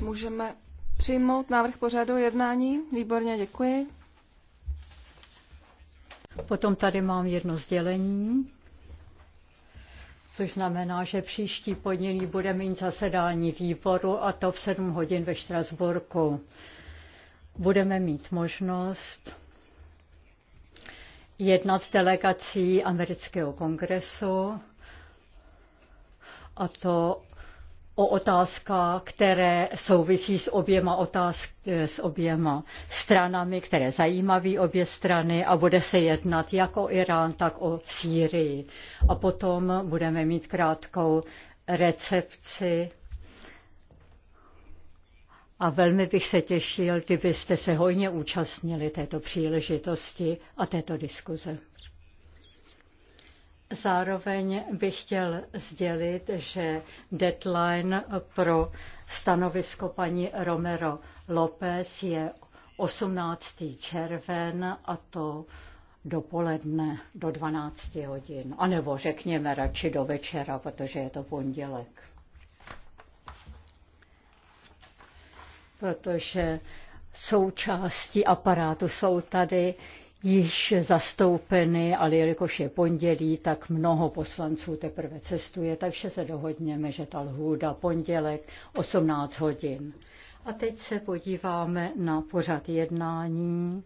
Můžeme přijmout návrh pořadu jednání? Výborně, děkuji. Potom tady mám jedno sdělení, což znamená, že příští podnělí bude mít zasedání výboru a to v 7 hodin ve Štrasburku. Budeme mít možnost jednat s delegací amerického kongresu a to o otázkách, které souvisí s oběma, otázk, eh, s oběma stranami, které zajímaví obě strany a bude se jednat jak o Irán, tak o Sýrii. A potom budeme mít krátkou recepci a velmi bych se těšil, kdybyste se hojně účastnili této příležitosti a této diskuze. Zároveň bych chtěl sdělit, že deadline pro stanovisko paní Romero López je 18. červen a to dopoledne do 12 hodin. A nebo řekněme radši do večera, protože je to pondělek. Protože součástí aparátu jsou tady již zastoupeny, ale jelikož je pondělí, tak mnoho poslanců teprve cestuje, takže se dohodněme, že ta lhůda pondělek 18 hodin. A teď se podíváme na pořad jednání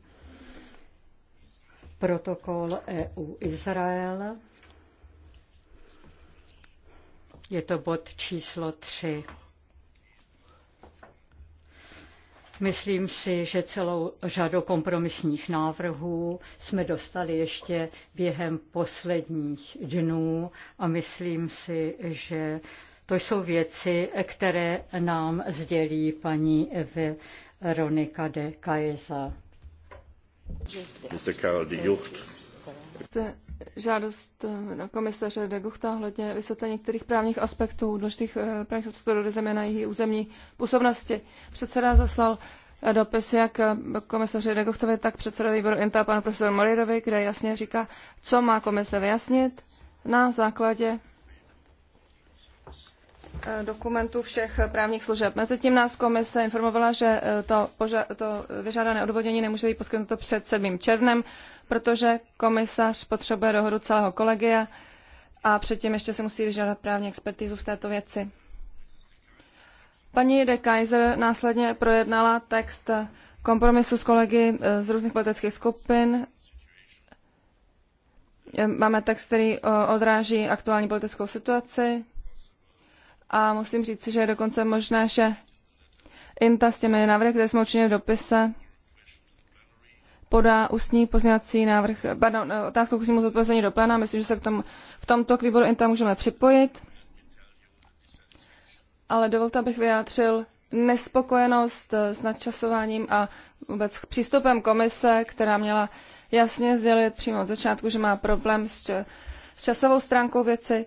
protokol EU-Izrael. Je to bod číslo 3. Myslím si, že celou řadu kompromisních návrhů jsme dostali ještě během posledních dnů a myslím si, že to jsou věci, které nám sdělí paní Veronika de Kajza. Mr. Karl de Jucht žádost eh, na komisaře de Guchta hledně vysvětlení některých právních aspektů, důležitých eh, právních aspektů do země na její územní působnosti. Předseda zaslal eh, dopis jak komisaři de Guchtovi, tak předseda výboru INTA panu profesoru Moridovi, kde jasně říká, co má komise vyjasnit na základě Eh, dokumentů všech právních služeb. Mezitím nás komise informovala, že eh, to, poža- to vyžádané odvodnění nemůže být poskytnuto před 7. červnem, protože komisař potřebuje dohodu celého kolegia a předtím ještě se musí vyžádat právní expertizu v této věci. Paní de Kaiser následně projednala text kompromisu s kolegy eh, z různých politických skupin. Máme text, který odráží aktuální politickou situaci, a musím říct, že je dokonce možné, že INTA s těmi návrhy, které jsme učinili v dopise, podá ústní pozměňovací návrh, pardon, otázku k ústnímu zodpovězení do plena. Myslím, že se k tomu, v tomto k výboru INTA můžeme připojit. Ale dovolte, abych vyjádřil nespokojenost eh, s nadčasováním a vůbec přístupem komise, která měla jasně sdělit přímo od začátku, že má problém s, s časovou stránkou věci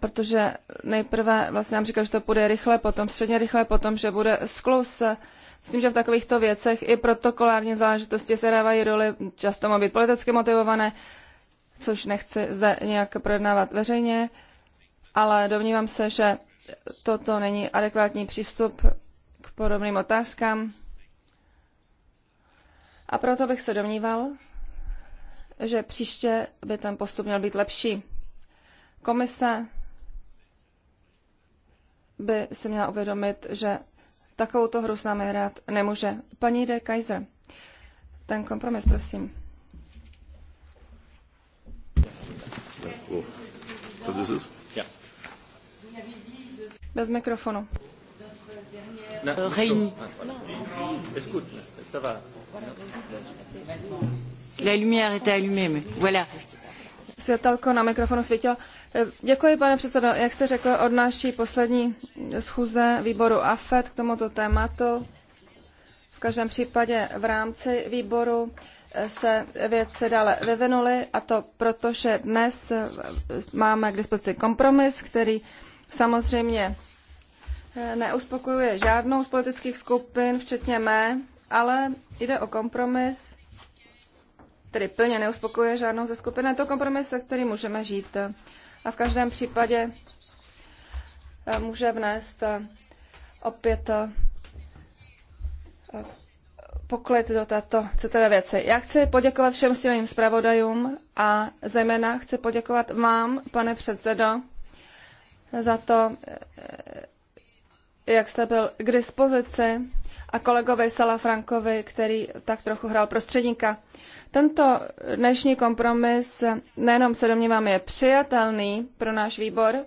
protože nejprve vlastně nám říkal, že to bude rychle, potom středně rychle, potom, že bude sklus. Myslím, že v takovýchto věcech i protokolární záležitosti se dávají roli, často mohou být politicky motivované, což nechci zde nějak projednávat veřejně, ale domnívám se, že toto není adekvátní přístup k podobným otázkám. A proto bych se domníval, že příště by ten postup měl být lepší. Komise by si měla uvědomit, že takovou hru s námi hrát nemůže. Paní de Kaiser, ten kompromis, prosím. Bez mikrofonu. No. Uh, no. La lumière était allumée, mais voilà. Světelko na mikrofonu světilo. Děkuji, pane předsedo. Jak jste řekl, od naší poslední schůze výboru AFET k tomuto tématu. V každém případě v rámci výboru se věci dále vyvinuly a to proto, že dnes máme k dispozici kompromis, který samozřejmě neuspokojuje žádnou z politických skupin, včetně mé, ale jde o kompromis, který plně neuspokojuje žádnou ze skupin. Je to kompromis, se kterým můžeme žít a v každém případě eh, může vnést eh, opět eh, poklid do této citlivé věci. Já chci poděkovat všem silným zpravodajům a zejména chci poděkovat vám, pane předsedo, za to, jak jste byl k dispozici a kolegovi Salafrankovi, který tak trochu hrál prostředníka. Tento dnešní kompromis nejenom se domníváme je přijatelný pro náš výbor,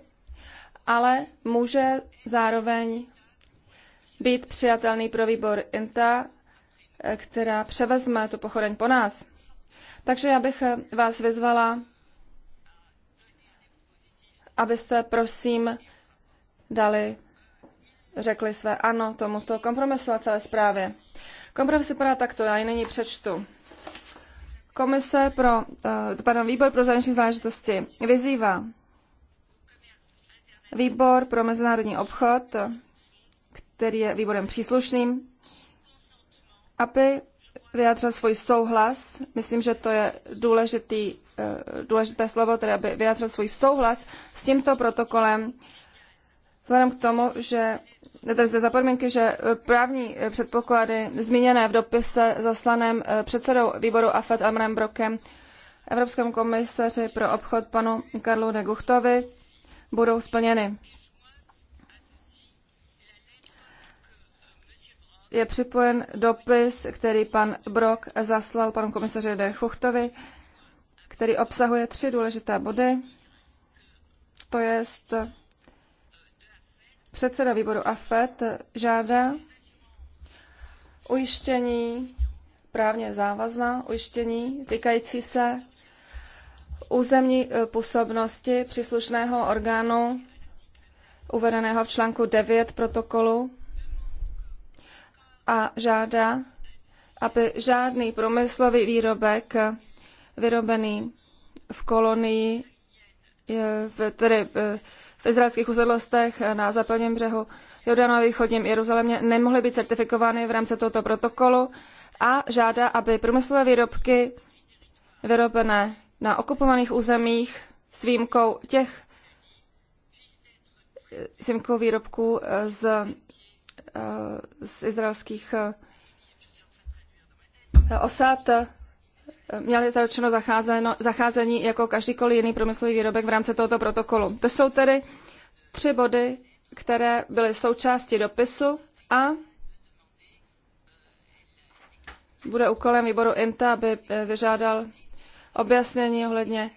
ale může zároveň být přijatelný pro výbor INTA, která převezme tu pochodeň po nás. Takže já bych vás vyzvala, abyste prosím dali řekli své ano tomuto kompromisu a celé zprávě. Kompromis vypadá takto, já ji nyní přečtu. Komise pro, eh, pardon, výbor pro zahraniční záležitosti vyzývá výbor pro mezinárodní obchod, který je výborem příslušným, aby vyjádřil svůj souhlas. Myslím, že to je důležitý, eh, důležité slovo, tedy aby vyjádřil svůj souhlas s tímto protokolem Vzhledem k tomu, že tedy zde za podmínky, že eh, právní eh, předpoklady zmíněné v dopise zaslaném eh, předsedou výboru AFED Elmerem Brokem Evropskému komisaři pro obchod panu Karlu de Guchtovi budou splněny. Je připojen dopis, který pan Brok zaslal panu komisaři de Guchtovi, který obsahuje tři důležité body. To jest předseda výboru AFET žádá ujištění, právně závazná ujištění týkající se územní eh, působnosti příslušného orgánu uvedeného v článku 9 protokolu a žádá, aby žádný průmyslový výrobek vyrobený v kolonii, eh, tedy eh, v izraelských usedlostech na západním břehu Jordánu a východním Jeruzalémě nemohly být certifikovány v rámci tohoto protokolu a žádá, aby průmyslové výrobky vyrobené na okupovaných územích s výjimkou těch s výjimkou výrobků z, eh, z izraelských eh, osad měli zaručeno zacházeno, zacházení jako každýkoliv jiný průmyslový výrobek v rámci tohoto protokolu. To jsou tedy tři body, které byly součástí dopisu a bude úkolem výboru INTA, aby eh, vyžádal objasnění ohledně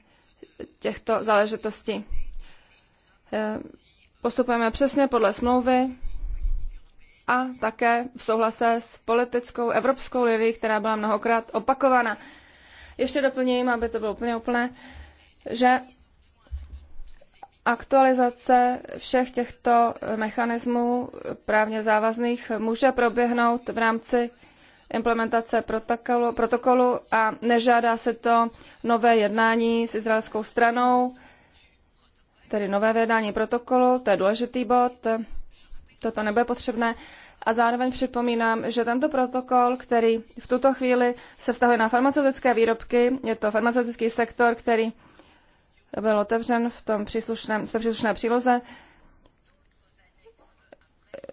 těchto záležitostí. Eh, postupujeme přesně podle smlouvy a také v souhlase s politickou evropskou linií, která byla mnohokrát opakována. Ještě doplním, aby to bylo úplně úplné, že aktualizace všech těchto mechanismů právně závazných může proběhnout v rámci implementace protokolu, protokolu a nežádá se to nové jednání s izraelskou stranou, tedy nové vědání protokolu, to je důležitý bod, toto nebude potřebné a zároveň připomínám, že tento protokol, který v tuto chvíli se vztahuje na farmaceutické výrobky, je to farmaceutický sektor, který byl otevřen v tom příslušném, v té příslušné příloze,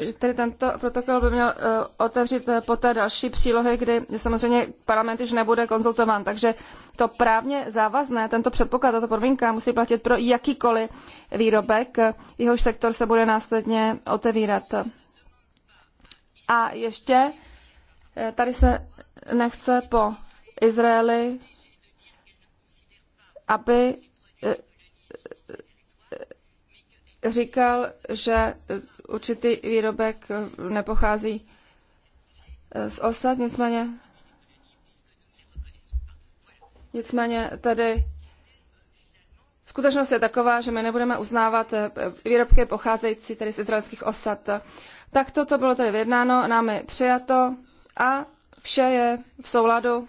že tedy tento protokol by měl uh, otevřít uh, poté další přílohy, kdy samozřejmě parlament již nebude konzultován. Takže to právně závazné, tento předpoklad, tato podmínka musí platit pro jakýkoliv výrobek, jehož sektor se bude následně otevírat. A ještě eh, tady se nechce po Izraeli, aby eh, eh, říkal, že určitý výrobek nepochází z osad, nicméně Nicméně tady skutečnost je taková, že my nebudeme uznávat výrobky pocházející tedy z izraelských osad. Tak toto bylo tedy vyjednáno, námi přijato a vše je v souladu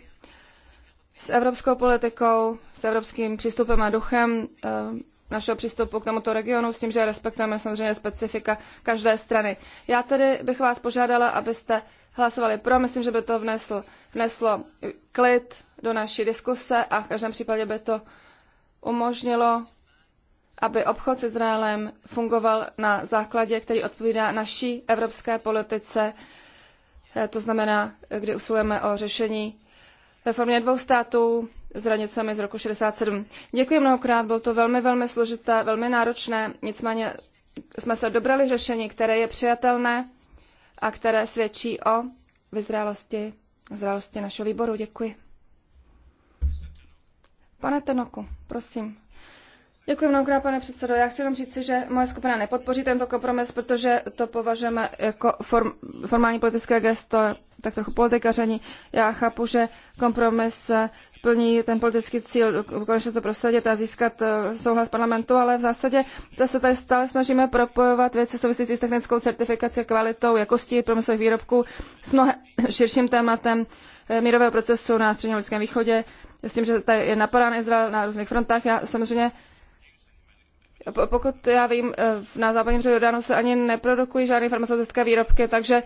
s evropskou politikou, s evropským přístupem a duchem eh, našeho přístupu k tomuto regionu, s tím, že respektujeme samozřejmě specifika každé strany. Já tedy bych vás požádala, abyste hlasovali pro. Myslím, že by to vnesl, vneslo klid do naší diskuse a v každém případě by to umožnilo aby obchod s Izraelem fungoval na základě, který odpovídá naší evropské politice, eh, to znamená, kdy usilujeme o řešení ve formě dvou států s hranicemi z roku 67. Děkuji mnohokrát, bylo to velmi, velmi složité, velmi náročné, nicméně jsme se dobrali řešení, které je přijatelné a které svědčí o vyzrálosti, zrálosti našeho výboru. Děkuji. Pane Tenoku, prosím. Děkuji mnohokrát, pane předsedo. Já chci jenom říci, že moje skupina nepodpoří tento kompromis, protože to považujeme jako form, formální politické gesto, tak trochu politikaření. Já chápu, že kompromis eh, plní ten politický cíl konečně to prosadit a získat eh, souhlas parlamentu, ale v zásadě se tady stále snažíme propojovat věci související s technickou certifikací, kvalitou, jakostí průmyslových výrobků s mnohem širším tématem eh, mírového procesu na středním lidském východě. S tím, že tady je napadán Izrael na různých frontách, já samozřejmě pokud já vím, eh, na západním břehu Jordánu se ani neprodukují žádné farmaceutické výrobky, takže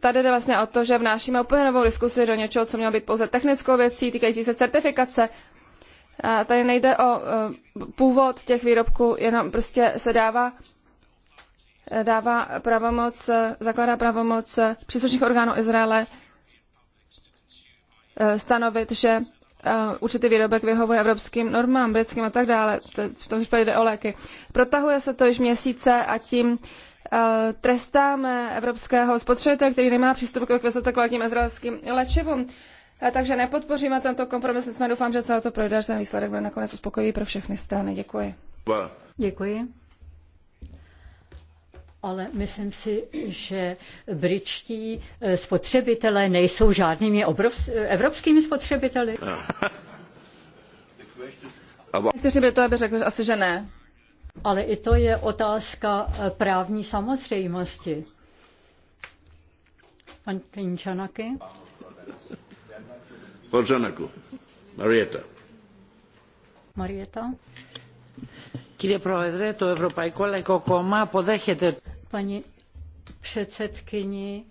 tady jde vlastně o to, že vnášíme úplně novou diskusi do něčeho, co mělo být pouze technickou věcí, týkající se certifikace. A tady nejde o eh, původ těch výrobků, jenom prostě se dává eh, dává pravomoc, zakládá pravomoc příslušných orgánů Izraele stanovit, že určitý výrobek vyhovuje evropským normám, britským a tak dále. V tom případě jde o léky. Protahuje se to již měsíce a tím trestáme evropského spotřebitele, který nemá přístup k vysoce kvalitním izraelským léčivům. Takže nepodpoříme tento kompromis, jsme doufám, že celé to projde, že ten výsledek bude nakonec uspokojivý pro všechny strany. Děkuji. Děkuji ale myslím si, že britští eh, spotřebitelé nejsou žádnými obrovs- eh, evropskými spotřebiteli. Někteří to aby řekli asi, že ne. Ale i to je otázka eh, právní samozřejmosti. Pan Pinčanaky? Počanaku. Marieta. Marieta. Κύριε Πρόεδρε, το Ευρωπαϊκό Λαϊκό Κόμμα podechete paní předsedkyni.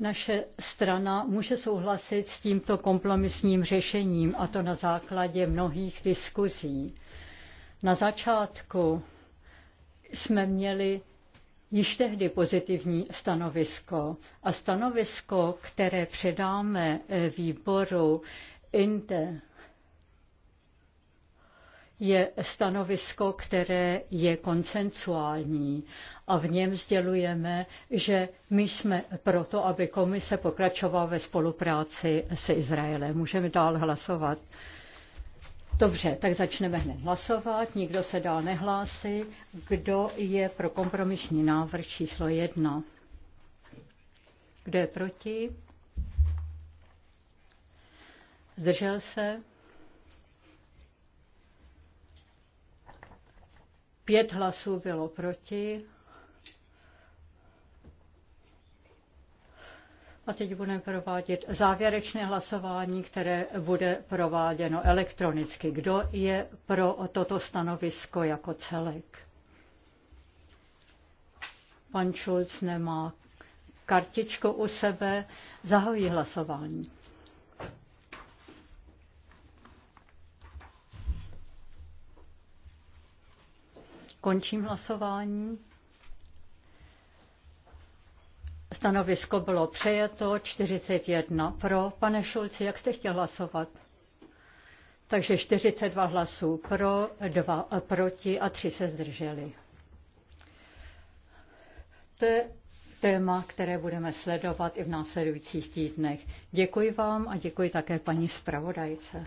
Naše strana může souhlasit s tímto kompromisním řešením, a to na základě mnohých diskuzí. Na začátku jsme měli již tehdy pozitivní stanovisko a stanovisko, které předáme eh, výboru INTE je stanovisko, které je koncensuální a v něm sdělujeme, že my jsme proto, aby komise pokračovala ve spolupráci se Izraelem. Můžeme dál hlasovat. Dobře, tak začneme hned hlasovat. Nikdo se dál nehlásí. Kdo je pro kompromisní návrh číslo jedna? Kdo je proti? Zdržel se? Pět hlasů bylo proti. A teď budeme provádět závěrečné hlasování, které bude prováděno elektronicky. Kdo je pro toto stanovisko jako celek? Pan Šulc nemá kartičku u sebe. Zahojí hlasování. Končím hlasování. Stanovisko bylo přejeto, 41 pro. Pane Šulci, jak jste chtěl hlasovat? Takže 42 hlasů pro, 2 proti a 3 se zdrželi. To je téma, které budeme sledovat i v následujících týdnech. Děkuji vám a děkuji také paní zpravodajce.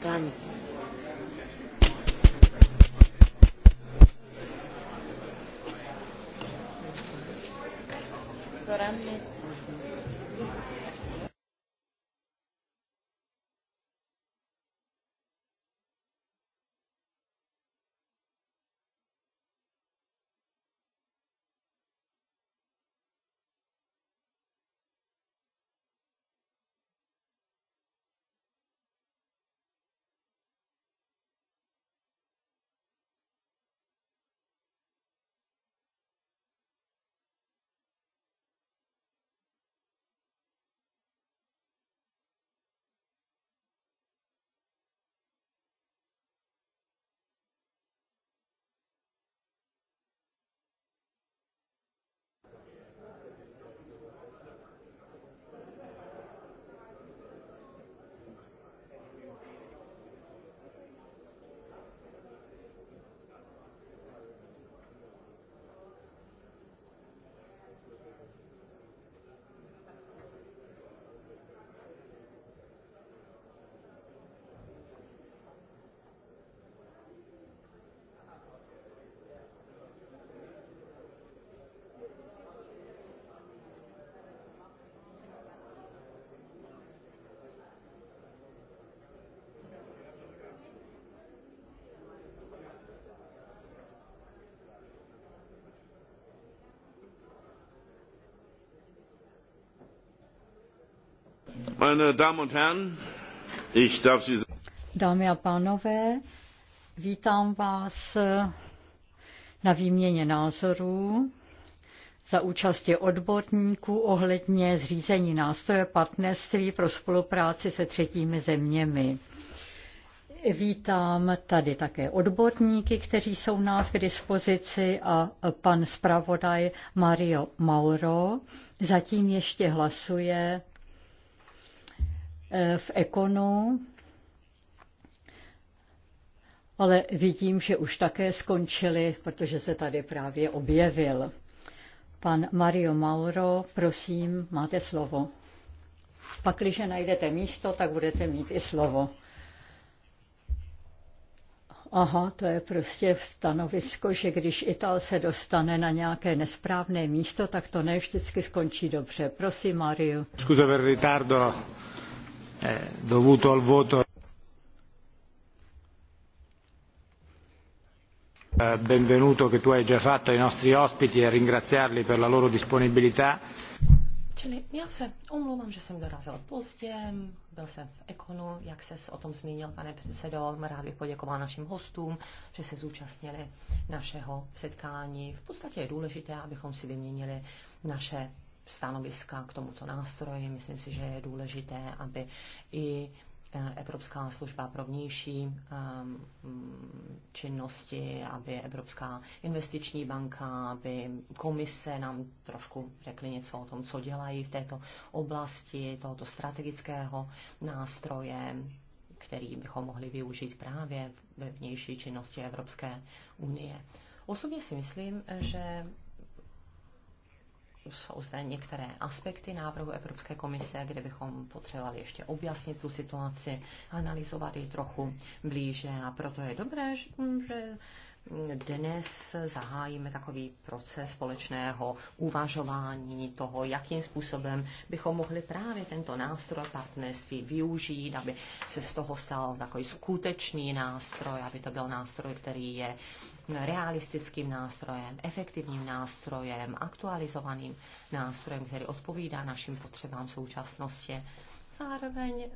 Tam Dámy a pánové, vítám vás na výměně názorů za účasti odborníků ohledně zřízení nástroje partnerství pro spolupráci se třetími zeměmi. Vítám tady také odborníky, kteří jsou nás k dispozici a pan zpravodaj Mario Mauro zatím ještě hlasuje Eh, v Ekonu, ale vidím, že už také skončili, protože se tady právě objevil. Pan Mario Mauro, prosím, máte slovo. Pak, když najdete místo, tak budete mít i slovo. Aha, to je prostě v stanovisko, že když Ital se dostane na nějaké nesprávné místo, tak to ne vždycky skončí dobře. Prosím, Mario. Scusa per ritardo. Eh, dovuto al voto. Eh, benvenuto che tu hai già fatto ai nostri ospiti e ringraziarli per la loro disponibilità. Čili já se omlouvám, že jsem dorazil pozdě, byl jsem v Ekonu, jak se o tom zmínil, pane předsedo, rád bych poděkoval našim hostům, že se zúčastnili našeho setkání. V podstatě je důležité, abychom si vyměnili naše stanoviska k tomuto nástroji. Myslím si, že je důležité, aby i eh, Evropská služba pro vnější eh, činnosti, aby Evropská investiční banka, aby komise nám trošku řekly něco o tom, co dělají v této oblasti, tohoto strategického nástroje, který bychom mohli využít právě ve vnější činnosti Evropské unie. Osobně si myslím, že jsou zde některé aspekty návrhu Evropské komise, kde bychom potřebovali ještě objasnit tu situaci, analyzovat ji trochu blíže a proto je dobré, že dnes zahájíme takový proces společného uvažování toho, jakým způsobem bychom mohli právě tento nástroj partnerství využít, aby se z toho stal takový skutečný nástroj, aby to byl nástroj, který je realistickým nástrojem, efektivním nástrojem, aktualizovaným nástrojem, který odpovídá našim potřebám v současnosti. Zároveň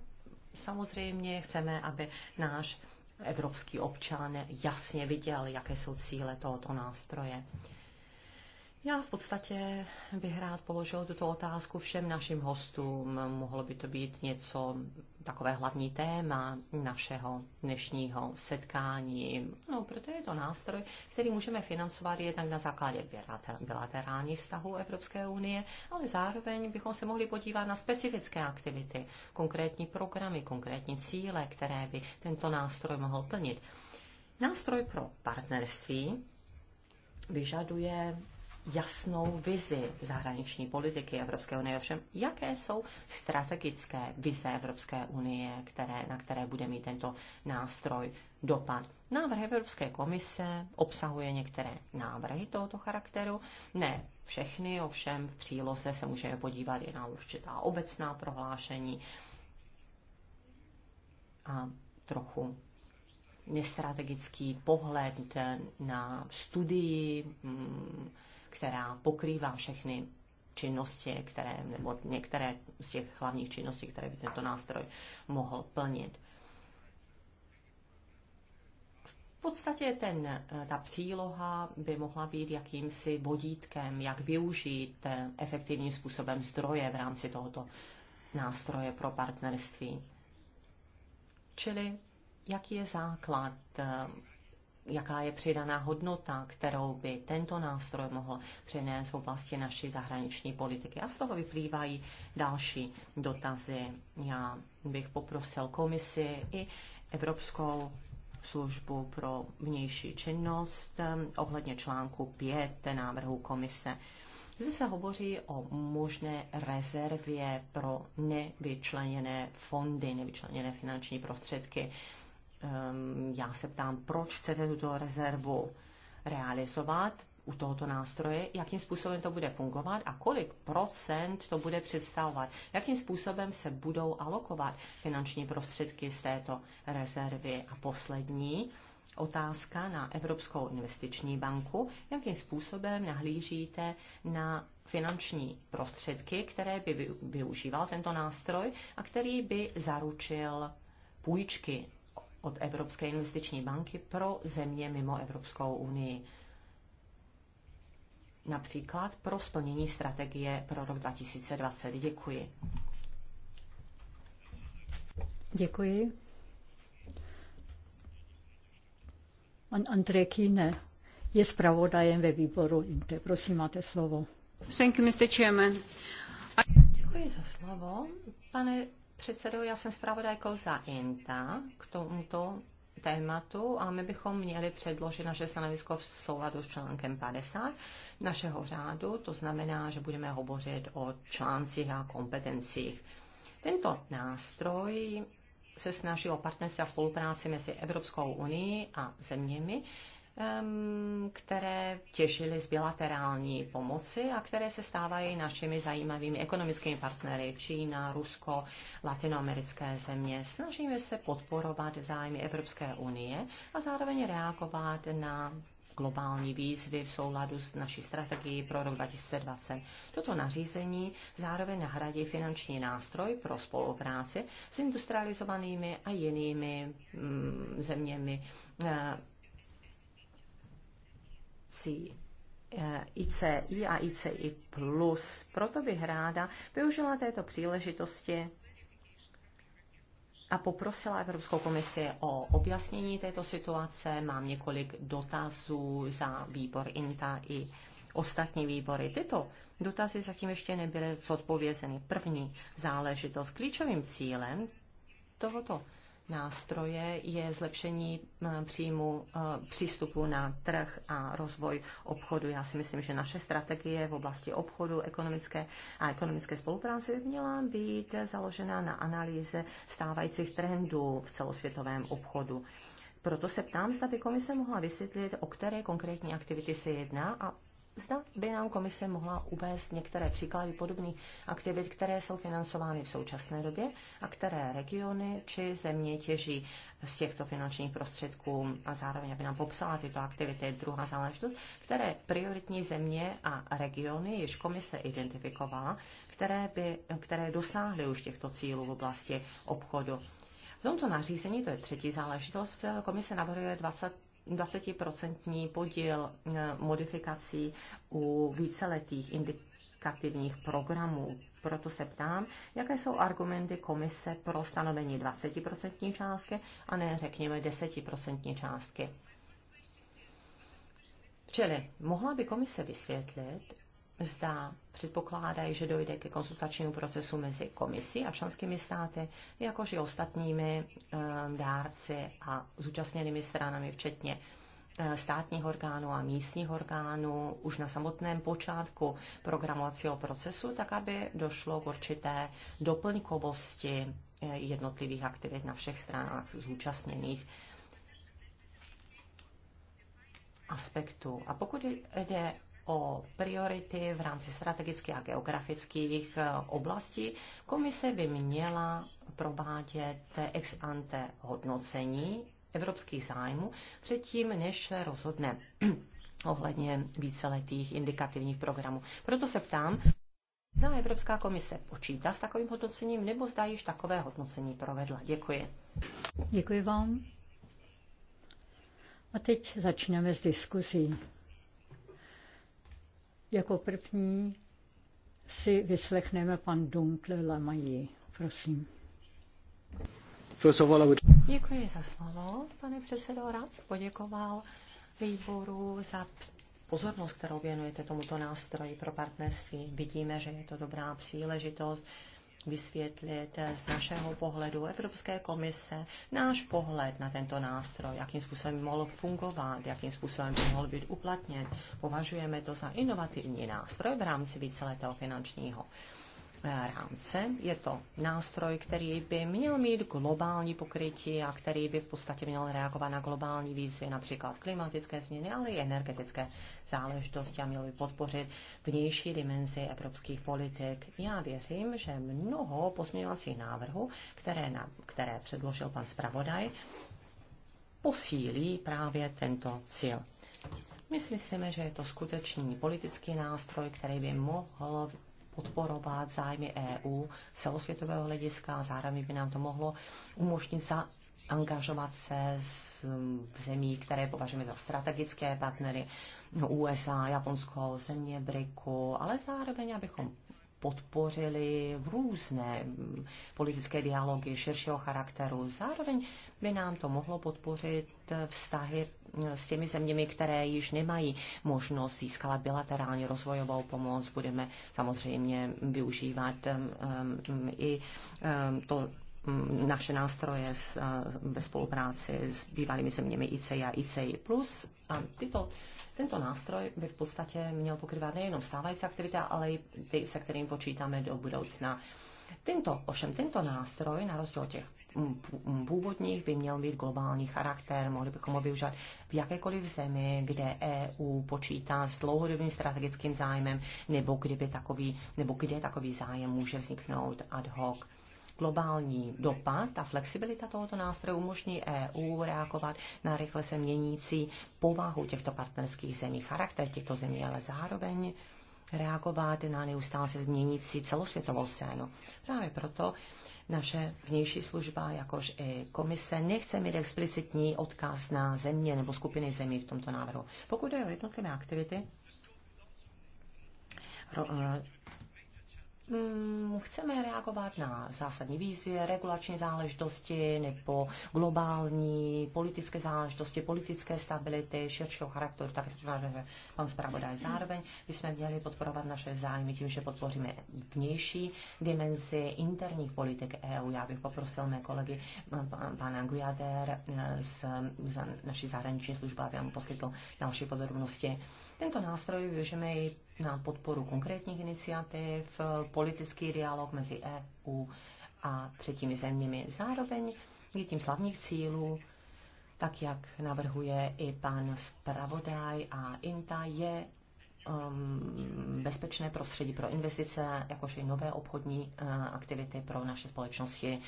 samozřejmě chceme, aby náš evropský občan jasně viděl, jaké jsou cíle tohoto nástroje. Já v podstatě bych rád položil tuto otázku všem našim hostům. Mohlo by to být něco takové hlavní téma našeho dnešního setkání. No, proto je to nástroj, který můžeme financovat jednak na základě bilaterálních vztahů Evropské unie, ale zároveň bychom se mohli podívat na specifické aktivity, konkrétní programy, konkrétní cíle, které by tento nástroj mohl plnit. Nástroj pro partnerství vyžaduje jasnou vizi zahraniční politiky Evropské unie. Ovšem, jaké jsou strategické vize Evropské unie, které, na které bude mít tento nástroj dopad? Návrh Evropské komise obsahuje některé návrhy tohoto charakteru, ne všechny, ovšem v příloze se můžeme podívat i na určitá obecná prohlášení a trochu nestrategický pohled na studii mm, která pokrývá všechny činnosti, které, nebo některé z těch hlavních činností, které by tento nástroj mohl plnit. V podstatě ten, ta příloha by mohla být jakýmsi vodítkem, jak využít eh, efektivním způsobem zdroje v rámci tohoto nástroje pro partnerství. Čili jaký je základ eh, jaká je přidaná hodnota, kterou by tento nástroj mohl přinést v oblasti naší zahraniční politiky. A z toho vyplývají další dotazy. Já bych poprosil komisi i Evropskou službu pro vnější činnost eh, ohledně článku 5 návrhu komise. Zde se hovoří o možné rezervě pro nevyčleněné fondy, nevyčleněné finanční prostředky. Ehm, já se ptám, proč chcete tuto rezervu realizovat u tohoto nástroje, jakým způsobem to bude fungovat a kolik procent to bude představovat, jakým způsobem se budou alokovat finanční prostředky z této rezervy. A poslední otázka na Evropskou investiční banku, jakým způsobem nahlížíte na finanční prostředky, které by využíval tento nástroj a který by zaručil půjčky od Evropské investiční banky pro země mimo Evropskou unii. Například pro splnění strategie pro rok 2020. Děkuji. Děkuji. Pan Kine je zpravodajem ve výboru INTE. Prosím, máte slovo. Thank you, Mr. Chairman. Děkuji za slovo. Pane předsedo, já jsem zpravodajkou za INTA k tomuto tématu a my bychom měli předložit naše stanovisko v souladu s článkem 50 našeho řádu, to znamená, že budeme hovořit o článcích a kompetencích. Tento nástroj se snaží o partnerství a spolupráci mezi Evropskou unii a zeměmi, které těšily z bilaterální pomoci a které se stávají našimi zajímavými ekonomickými partnery Čína, Rusko, latinoamerické země. Snažíme se podporovat zájmy Evropské unie a zároveň reagovat na globální výzvy v souladu s naší strategií pro rok 2020. Toto nařízení zároveň nahradí finanční nástroj pro spolupráci s industrializovanými a jinými mm, zeměmi eh, ICI. Eh, ICI a ICI+. Proto bych ráda využila této příležitosti a poprosila Evropskou komisi o objasnění této situace. Mám několik dotazů za výbor INTA i ostatní výbory. Tyto dotazy zatím ještě nebyly zodpovězeny. První záležitost. Klíčovým cílem tohoto nástroje je zlepšení eh, příjmu eh, přístupu na trh a rozvoj obchodu. Já si myslím, že naše strategie v oblasti obchodu ekonomické a ekonomické spolupráce by měla být založena na analýze stávajících trendů v celosvětovém obchodu. Proto se ptám, zda by komise mohla vysvětlit, o které konkrétní aktivity se jedná a Zda by nám komise mohla uvést některé příklady podobných aktivit, které jsou financovány v současné době a které regiony či země těží z těchto finančních prostředků a zároveň, aby nám popsala tyto aktivity. Druhá záležitost, které prioritní země a regiony již komise identifikovala, které, by, které dosáhly už těchto cílů v oblasti obchodu. V tomto nařízení, to je třetí záležitost, komise navrhuje 20 20% podíl eh, modifikací u víceletých indikativních programů. Proto se ptám, jaké jsou argumenty komise pro stanovení 20% částky a ne řekněme 10% částky. Čili mohla by komise vysvětlit, zda předpokládají, že dojde ke konsultačnímu procesu mezi komisí a členskými státy, jakož i ostatními eh, dárci a zúčastněnými stranami, včetně eh, státních orgánů a místních orgánů už na samotném počátku programovacího procesu, tak aby došlo k určité doplňkovosti eh, jednotlivých aktivit na všech stranách zúčastněných aspektů. A pokud jde o priority v rámci strategických a geografických eh, oblastí, komise by měla provádět ex ante hodnocení evropských zájmů předtím, než se rozhodne ohledně víceletých indikativních programů. Proto se ptám, zda Evropská komise počítá s takovým hodnocením, nebo zda již takové hodnocení provedla. Děkuji. Děkuji vám. A teď začneme s diskuzí. Jako první si vyslechneme pan Dunkle Lamají. Prosím. Děkuji za slovo, pane předsedo. Rád poděkoval výboru za pozornost, kterou věnujete tomuto nástroji pro partnerství. Vidíme, že je to dobrá příležitost vysvětlit eh, z našeho pohledu Evropské komise náš pohled na tento nástroj, jakým způsobem mohl fungovat, jakým způsobem by mohl být uplatněn. Považujeme to za inovativní nástroj v rámci víceletého finančního rámce. Je to nástroj, který by měl mít globální pokrytí a který by v podstatě měl reagovat na globální výzvy, například klimatické změny, ale i energetické záležitosti a měl by podpořit vnější dimenzi evropských politik. Já věřím, že mnoho pozměňovacích návrhů, které, na, které předložil pan zpravodaj, posílí právě tento cíl. My si myslíme, že je to skutečný politický nástroj, který by mohl podporovat zájmy EU celosvětového hlediska a zároveň by nám to mohlo umožnit za angažovat se s, v zemí, které považujeme za strategické partnery, no USA, Japonsko, země Briku, ale zároveň, abychom podpořili v různé politické dialogy širšího charakteru. Zároveň by nám to mohlo podpořit eh, vztahy s těmi zeměmi, které již nemají možnost získat bilaterální rozvojovou pomoc. Budeme samozřejmě využívat um, um, i um, to naše nástroje s, uh, ve spolupráci s bývalými zeměmi ICI a ICI+. A tyto, tento nástroj by v podstatě měl pokrývat nejenom stávající aktivita, ale i ty, se kterým počítáme do budoucna. Tento, ovšem tento nástroj, na rozdíl od těch původních by měl mít globální charakter, mohli bychom ho využívat v jakékoliv zemi, kde EU počítá s dlouhodobým strategickým zájmem, nebo, kdyby takový, nebo kde takový zájem může vzniknout ad hoc globální dopad a flexibilita tohoto nástroje umožní EU reagovat na rychle se měnící povahu těchto partnerských zemí, charakter těchto zemí, ale zároveň reagovat na neustále se měnící celosvětovou scénu. Právě proto naše vnější služba, jakož i komise, nechce mít explicitní odkaz na země nebo skupiny zemí v tomto návrhu. Pokud jde o jednotlivé aktivity, Mm, chceme reagovat na zásadní výzvy, regulační záležitosti nebo globální politické záležitosti, politické stability, širšího charakteru, tak pan zpravodaj. Zároveň bychom měli podporovat naše zájmy tím, že podpoříme vnější dimenzi interních politik EU. Já bych poprosil mé kolegy, pana Gujader z, z naší zahraniční služby, aby nám poskytl další podrobnosti. Tento nástroj využijeme i na podporu konkrétních iniciativ, politický dialog mezi EU a třetími zeměmi. Zároveň je tím slavních cílů, tak jak navrhuje i pan zpravodaj a INTA, je um, bezpečné prostředí pro investice, jakož i nové obchodní uh, aktivity pro naše společnosti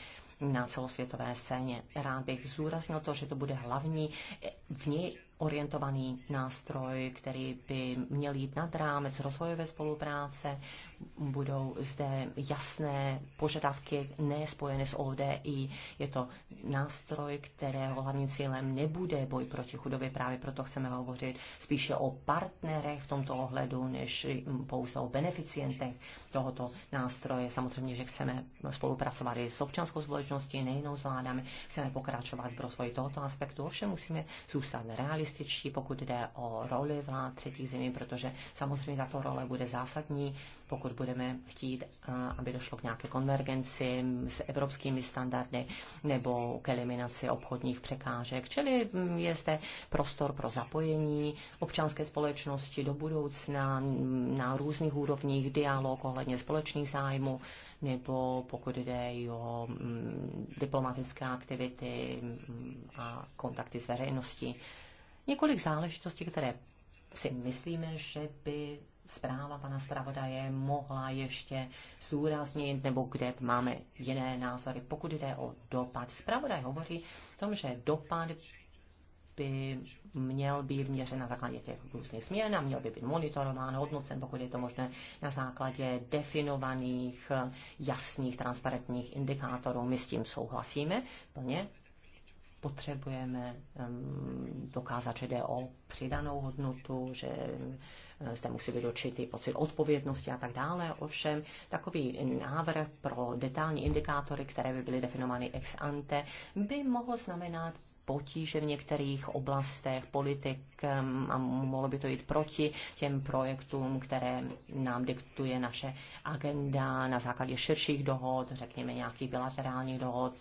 na celosvětové scéně. Rád bych zúraznil to, že to bude hlavní vně, orientovaný nástroj, který by měl jít nad rámec rozvojové spolupráce. Budou zde jasné požadavky nespojené s ODI. Je to nástroj, kterého hlavním cílem nebude boj proti chudobě. Právě proto chceme hovořit spíše o partnerech v tomto ohledu, než pouze o beneficientech tohoto nástroje. Samozřejmě, že chceme spolupracovat i s občanskou společností, nejenom s vládami. Chceme pokračovat v rozvoji tohoto aspektu, ovšem musíme zůstat realistickými realističtí, pokud jde o roli vlád třetích zemí, protože samozřejmě tato role bude zásadní, pokud budeme chtít, eh, aby došlo k nějaké konvergenci s evropskými standardy nebo k eliminaci obchodních překážek. Čili hm, je zde prostor pro zapojení občanské společnosti do budoucna hm, na různých úrovních dialog ohledně společných zájmů nebo pokud jde o hm, diplomatické aktivity a kontakty s veřejností. Několik záležitostí, které si myslíme, že by zpráva pana zpravodaje mohla ještě zdůraznit, nebo kde máme jiné názory. Pokud jde o dopad, zpravodaj hovoří o tom, že dopad by měl být měřen na základě těch různých směn a měl by být monitorován, hodnocen, pokud je to možné, na základě definovaných, jasných, transparentních indikátorů. My s tím souhlasíme plně potřebujeme dokázat, že jde o přidanou hodnotu, že zde musí být určitý pocit odpovědnosti a tak dále. Ovšem, takový návrh pro detailní indikátory, které by byly definovány ex ante, by mohl znamenat potíže v některých oblastech politik a mohlo by to jít proti těm projektům, které nám diktuje naše agenda na základě širších dohod, řekněme nějakých bilaterálních dohod,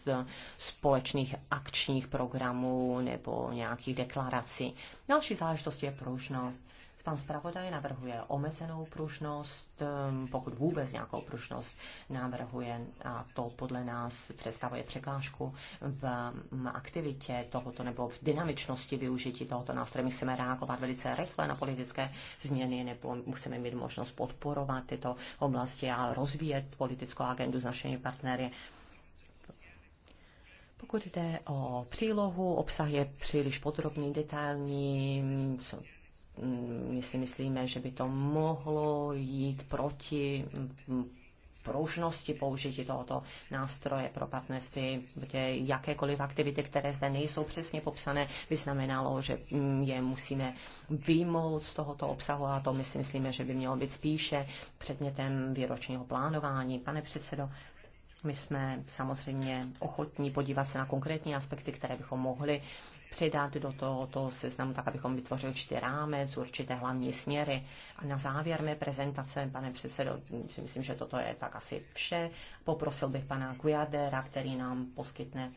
společných akčních programů nebo nějakých deklarací. Další záležitost je pružnost Pan zpravodaj navrhuje omezenou pružnost, um, pokud vůbec nějakou pružnost navrhuje a to podle nás představuje překážku v um, aktivitě tohoto nebo v dynamičnosti využití tohoto nástroje. My chceme reagovat velice rychle na politické změny nebo musíme mít možnost podporovat tyto oblasti a rozvíjet politickou agendu s našimi partnery. Pokud jde o přílohu, obsah je příliš podrobný, detailní, my si myslíme, že by to mohlo jít proti pružnosti použití tohoto nástroje pro partnerství, kde jakékoliv aktivity, které zde nejsou přesně popsané, by znamenalo, že mm, je musíme vyjmout z tohoto obsahu a to my si myslíme, že by mělo být spíše předmětem výročního plánování. Pane předsedo, my jsme samozřejmě ochotní podívat se na konkrétní aspekty, které bychom mohli přidat do tohoto seznamu, tak abychom vytvořili určitý rámec, určité hlavní směry. A na závěr mé prezentace, pane předsedo, si myslím, že toto je tak asi vše. Poprosil bych pana Guiadera, který nám poskytne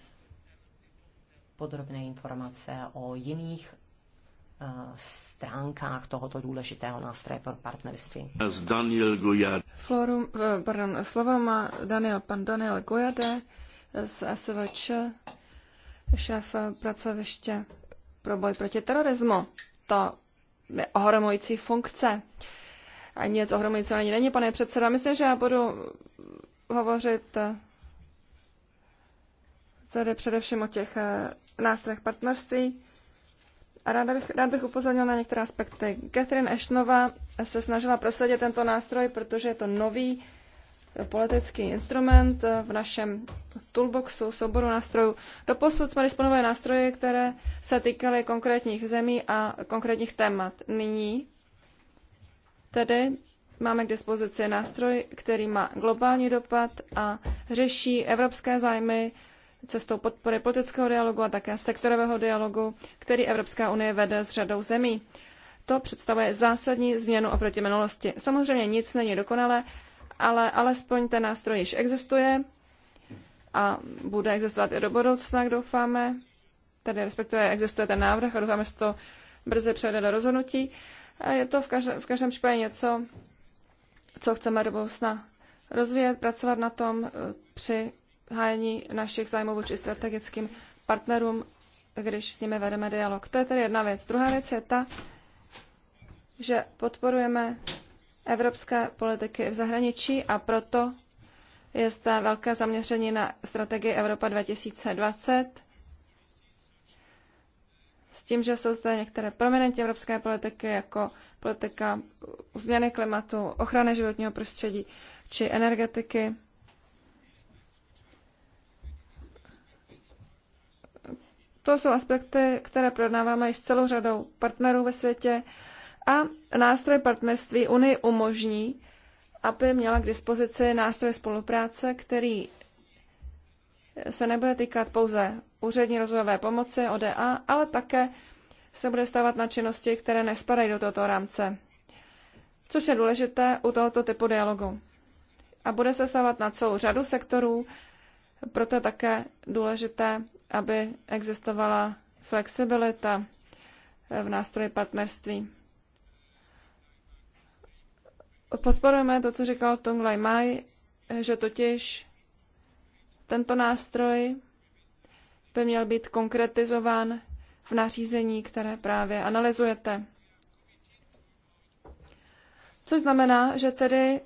podrobné informace o jiných stránkách tohoto důležitého nástroje pro partnerství. Daniel Gojade. Florum, eh, pardon, slovo má Daniel, pan Daniel Gojade z SVČ, šéf pracoviště pro boj proti terorismu. To je ohromující funkce. A nic ohromující ani není, pane předseda. Myslím, že já budu hovořit eh, tady především o těch eh, nástrojech partnerství Ráda bych, rád bych upozornil na některé aspekty. Catherine Ashtonová se snažila prosadit tento nástroj, protože je to nový politický instrument v našem toolboxu, souboru nástrojů. Doposud jsme disponovali nástroje, které se týkaly konkrétních zemí a konkrétních témat. Nyní tedy máme k dispozici nástroj, který má globální dopad a řeší evropské zájmy cestou podpory politického dialogu a také sektorového dialogu, který Evropská unie vede s řadou zemí. To představuje zásadní změnu oproti minulosti. Samozřejmě nic není dokonalé, ale alespoň ten nástroj již existuje a bude existovat i do budoucna, jak doufáme. Tady respektive existuje ten návrh a doufáme, že to brzy přejde do rozhodnutí. A je to v každém, v každém případě něco, co chceme do budoucna rozvíjet, pracovat na tom eh, při hájení našich zájmů vůči strategickým partnerům, když s nimi vedeme dialog. To je tedy jedna věc. Druhá věc je ta, že podporujeme evropské politiky v zahraničí a proto je zde velké zaměření na strategii Evropa 2020 s tím, že jsou zde některé prominentní evropské politiky, jako politika změny klimatu, ochrany životního prostředí či energetiky. To jsou aspekty, které projednáváme již s celou řadou partnerů ve světě a nástroj partnerství Unii umožní, aby měla k dispozici nástroj spolupráce, který se nebude týkat pouze úřední rozvojové pomoci ODA, ale také se bude stávat na činnosti, které nespadají do tohoto rámce, což je důležité u tohoto typu dialogu. A bude se stávat na celou řadu sektorů, proto je také důležité aby existovala flexibilita v nástroji partnerství. Podporujeme to, co říkal Tong Lai Mai, že totiž tento nástroj by měl být konkretizován v nařízení, které právě analyzujete. Což znamená, že tedy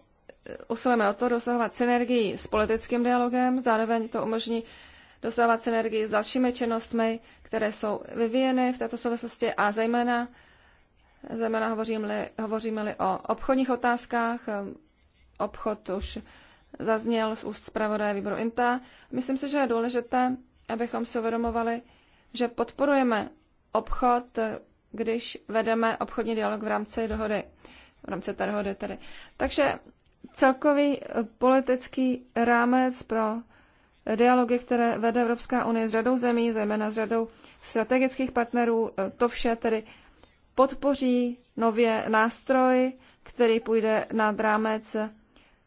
usilujeme o to dosahovat synergii s politickým dialogem, zároveň to umožní dosávat synergii s dalšími činnostmi, které jsou vyvíjeny v této souvislosti a zejména, zejména hovoříme-li, hovoříme-li o obchodních otázkách. Obchod už zazněl z úst zpravodaje výboru INTA. Myslím si, že je důležité, abychom si uvědomovali, že podporujeme obchod, když vedeme obchodní dialog v rámci dohody, v rámci té dohody tedy. Takže celkový politický rámec pro dialogy, které vede Evropská unie s řadou zemí, zejména s řadou strategických partnerů. E, to vše tedy podpoří nově nástroj, který půjde nad rámec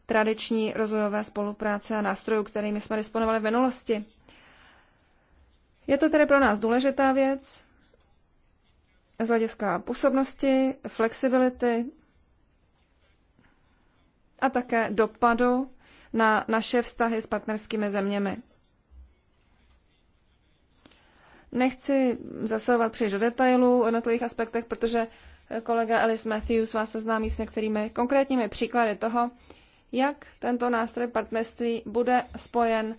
tradiční rozvojové spolupráce a nástrojů, kterými jsme disponovali v minulosti. Je to tedy pro nás důležitá věc z hlediska působnosti, flexibility a také dopadu na naše vztahy s partnerskými zeměmi. Nechci zasahovat příliš do detailů o jednotlivých aspektech, protože kolega Ellis Matthews vás seznámí s některými konkrétními příklady toho, jak tento nástroj partnerství bude spojen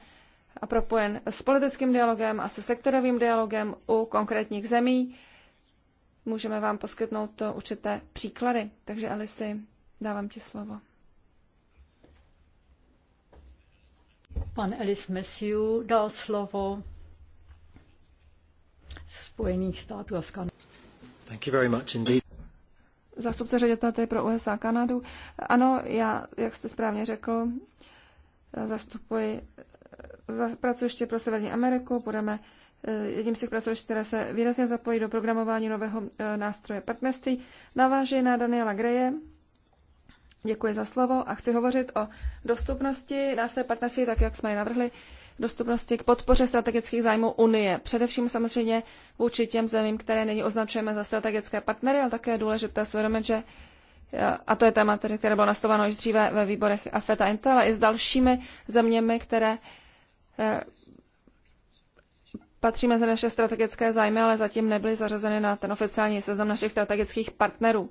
a propojen s politickým dialogem a se sektorovým dialogem u konkrétních zemí. Můžeme vám poskytnout to určité příklady. Takže Alisi, dávám ti slovo. Pan Elis Messiu dal slovo Spojených států a z Kanady. Thank you very much indeed. Zástupce ředitele pro USA a Kanadu. Ano, já, jak jste správně řekl, zastupuji, pracuji pro Severní Ameriku, budeme eh, jedním z těch pracovišť, které se výrazně zapojí do programování nového eh, nástroje partnerství. Naváží na Daniela Greje, Děkuji za slovo a chci hovořit o dostupnosti nástroje partnerství, tak jak jsme ji navrhli, dostupnosti k podpoře strategických zájmů Unie. Především samozřejmě vůči těm zemím, které nyní označujeme za strategické partnery, ale také je důležité svědomit, že a to je téma, které bylo nastaveno již dříve ve výborech AFET a Intel, ale i s dalšími zeměmi, které eh, patří mezi naše strategické zájmy, ale zatím nebyly zařazeny na ten oficiální seznam našich strategických partnerů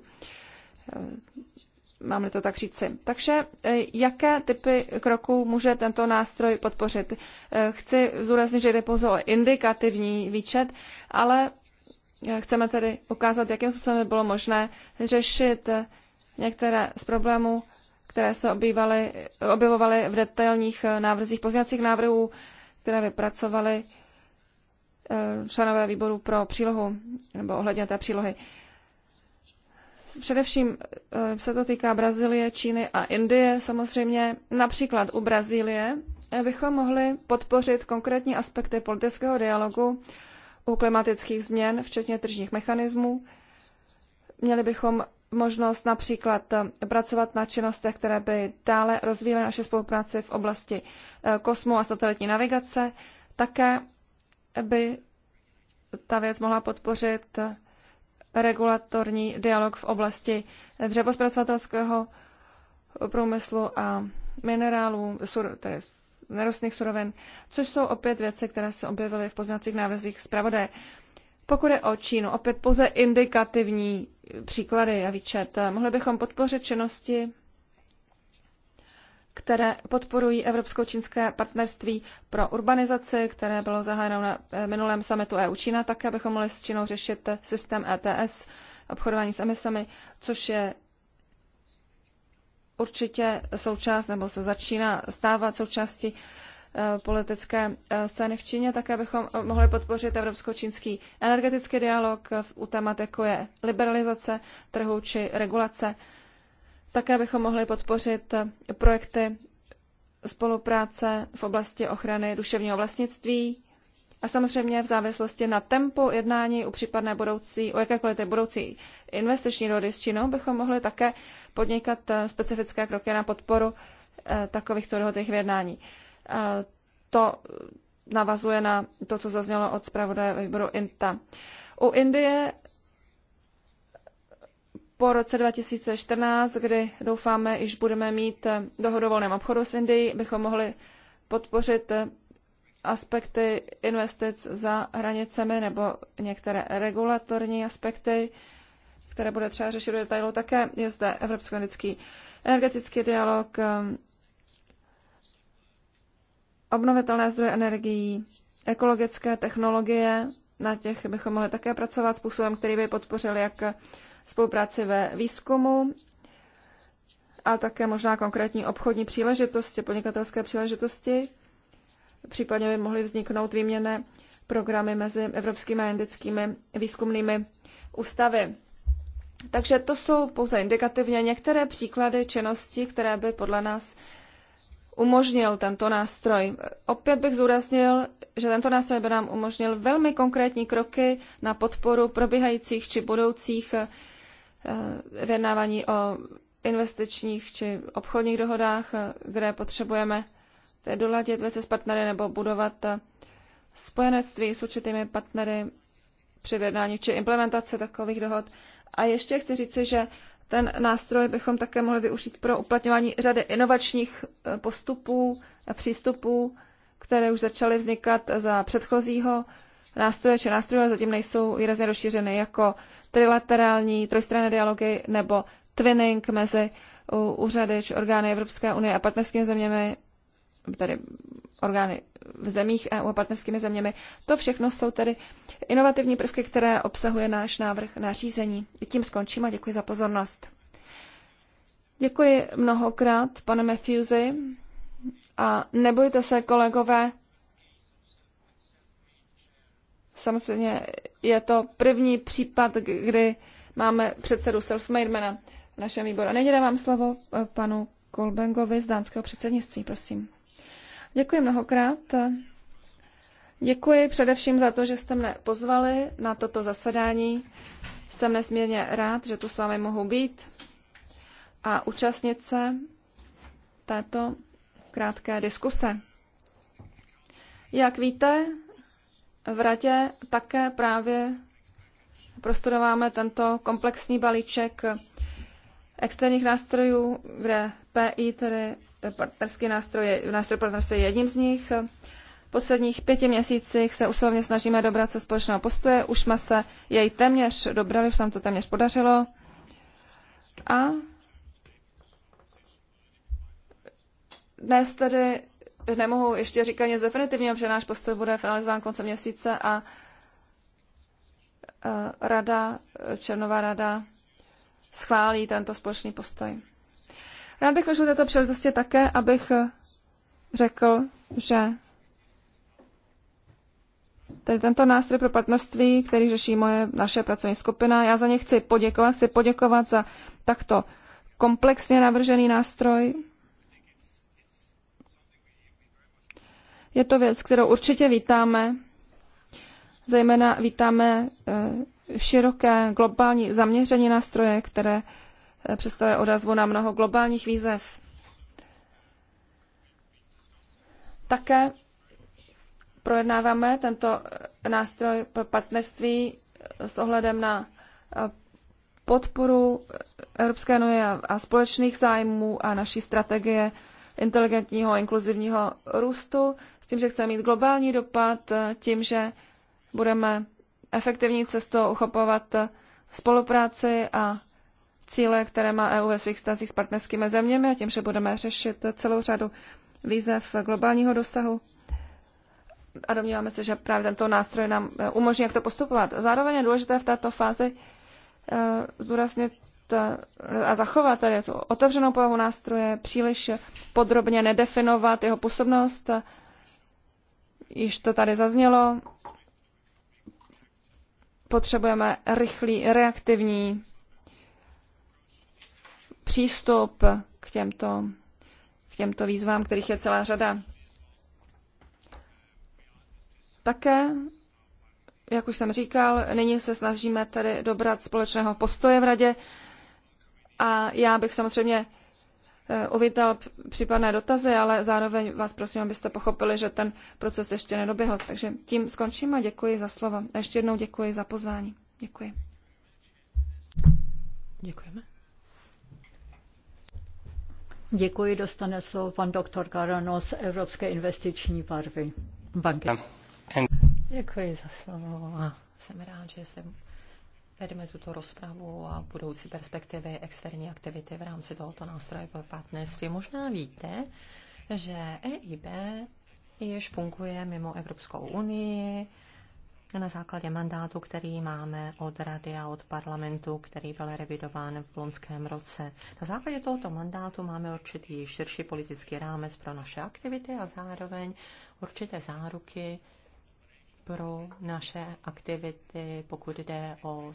máme to tak říci. Takže e, jaké typy kroků může tento nástroj podpořit? E, chci zúraznit, že jde pouze o indikativní výčet, ale e, chceme tedy ukázat, jakým způsobem bylo možné řešit některé z problémů, které se obývaly, objevovaly v detailních návrzích pozněcích návrhů, které vypracovali členové výboru pro přílohu nebo ohledně té přílohy. Především eh, se to týká Brazílie, Číny a Indie. Samozřejmě například u Brazílie eh, bychom mohli podpořit konkrétní aspekty politického dialogu u klimatických změn, včetně tržních mechanismů. Měli bychom možnost například eh, pracovat na činnostech, které by dále rozvíjely naše spolupráci v oblasti kosmu a satelitní navigace. Také by ta věc mohla podpořit regulatorní dialog v oblasti dřevospracovatelského průmyslu a minerálů, sur, tedy nerostných surovin, což jsou opět věci, které se objevily v poznacích návrzích zpravodaje. Pokud je o Čínu, opět pouze indikativní příklady a výčet. Mohli bychom podpořit činnosti které podporují evropsko-čínské partnerství pro urbanizaci, které bylo zahájeno na eh, minulém summitu EU-Čína, také abychom mohli s Čínou řešit systém ETS, obchodování s emisemi, což je určitě součást, nebo se začíná stávat součástí eh, politické eh, scény v Číně, také abychom mohli podpořit evropsko-čínský energetický dialog u témat, jako je liberalizace trhu či regulace také bychom mohli podpořit projekty spolupráce v oblasti ochrany duševního vlastnictví a samozřejmě v závislosti na tempu jednání u případné budoucí, u jakékoliv budoucí investiční dohody s Čínou bychom mohli také podnikat eh, specifické kroky na podporu eh, takovýchto dohodných vyjednání. Eh, to navazuje na to, co zaznělo od zpravodaje výboru INTA. U Indie po roce 2014, kdy doufáme, již budeme mít eh, dohodu volném obchodu s Indií, bychom mohli podpořit eh, aspekty investic za hranicemi nebo některé regulatorní aspekty, které bude třeba řešit do detailu. Také je zde evropsko-indický energetický dialog, eh, obnovitelné zdroje energií, ekologické technologie, na těch bychom mohli také pracovat způsobem, který by podpořil jak spolupráci ve výzkumu a také možná konkrétní obchodní příležitosti, podnikatelské příležitosti. Případně by mohly vzniknout výměné programy mezi evropskými a indickými výzkumnými ústavy. Takže to jsou pouze indikativně některé příklady činnosti, které by podle nás umožnil tento nástroj. Opět bych zúraznil, že tento nástroj by nám umožnil velmi konkrétní kroky na podporu probíhajících či budoucích Eh, vyjednávání o investičních či obchodních dohodách, eh, kde potřebujeme doladit věci s partnery nebo budovat eh, spojenectví s určitými partnery při vyjednání či implementaci takových dohod. A ještě chci říci, že ten nástroj bychom také mohli využít pro uplatňování řady inovačních postupů a přístupů, které už začaly vznikat za předchozího nástroje či nástroje, ale zatím nejsou výrazně rozšířeny, jako trilaterální trojstranné dialogy nebo twinning mezi úřady či orgány Evropské unie a partnerskými zeměmi, tedy orgány v zemích EU a partnerskými zeměmi. To všechno jsou tedy inovativní prvky, které obsahuje náš návrh řízení. Tím skončím a děkuji za pozornost. Děkuji mnohokrát, pane Matthewsy. A nebojte se, kolegové, Samozřejmě je to první případ, kdy máme předsedu Selfmademana v našem výboru. A nyní dávám slovo eh, panu Kolbengovi z dánského předsednictví, prosím. Děkuji mnohokrát. Děkuji především za to, že jste mne pozvali na toto zasedání. Jsem nesmírně rád, že tu s vámi mohu být a účastnit se této krátké diskuse. Jak víte, v radě také právě prostudováme tento komplexní balíček externích nástrojů, kde PI, tedy partnerský nástroj, nástroj partnerství je jedním z nich. V posledních pěti měsících se usilovně snažíme dobrat se společného postoje. Už jsme se jej téměř dobrali, už se nám to téměř podařilo. A dnes tedy nemohu ještě říkat nic definitivního, protože náš postoj bude finalizován koncem měsíce a e, rada, Černová rada schválí tento společný postoj. Rád bych využil této příležitosti také, abych řekl, že tedy tento nástroj pro partnerství, který řeší moje, naše pracovní skupina, já za ně chci poděkovat, chci poděkovat za takto komplexně navržený nástroj, Je to věc, kterou určitě vítáme. Zejména vítáme e, široké globální zaměření nástroje, které e, představuje odazvu na mnoho globálních výzev. Také projednáváme tento e, nástroj pro partnerství s ohledem na podporu Evropské unie a společných zájmů a naší strategie inteligentního a inkluzivního růstu tím, že chceme mít globální dopad, eh, tím, že budeme efektivní cestou uchopovat eh, spolupráci a cíle, které má EU ve svých stazích s partnerskými zeměmi a tím, že budeme řešit eh, celou řadu výzev globálního dosahu. A domníváme se, že právě tento nástroj nám umožní, jak to postupovat. Zároveň je důležité v této fázi zdůraznit a zachovat tady tu otevřenou povahu nástroje, příliš podrobně nedefinovat jeho působnost, Již to tady zaznělo. Potřebujeme rychlý, reaktivní přístup k těmto, k těmto výzvám, kterých je celá řada. Také, jak už jsem říkal, nyní se snažíme tedy dobrat společného postoje v radě a já bych samozřejmě Eh, uvítal případné dotazy, ale zároveň vás prosím, abyste pochopili, že ten proces ještě nedoběhl. Takže tím skončím a děkuji za slovo. A ještě jednou děkuji za pozvání. Děkuji. Děkujeme. Děkuji, dostane slovo pan doktor Karano z Evropské investiční barvy, banky. Děkuji za slovo a jsem rád, že jsem vedeme tuto rozpravu a budoucí perspektivy externí aktivity v rámci tohoto nástroje pro partnerství. Možná víte, že EIB již funguje mimo Evropskou unii na základě mandátu, který máme od Rady a od parlamentu, který byl revidován v loňském roce. Na základě tohoto mandátu máme určitý širší politický rámec pro naše aktivity a zároveň určité záruky pro naše aktivity, pokud jde o,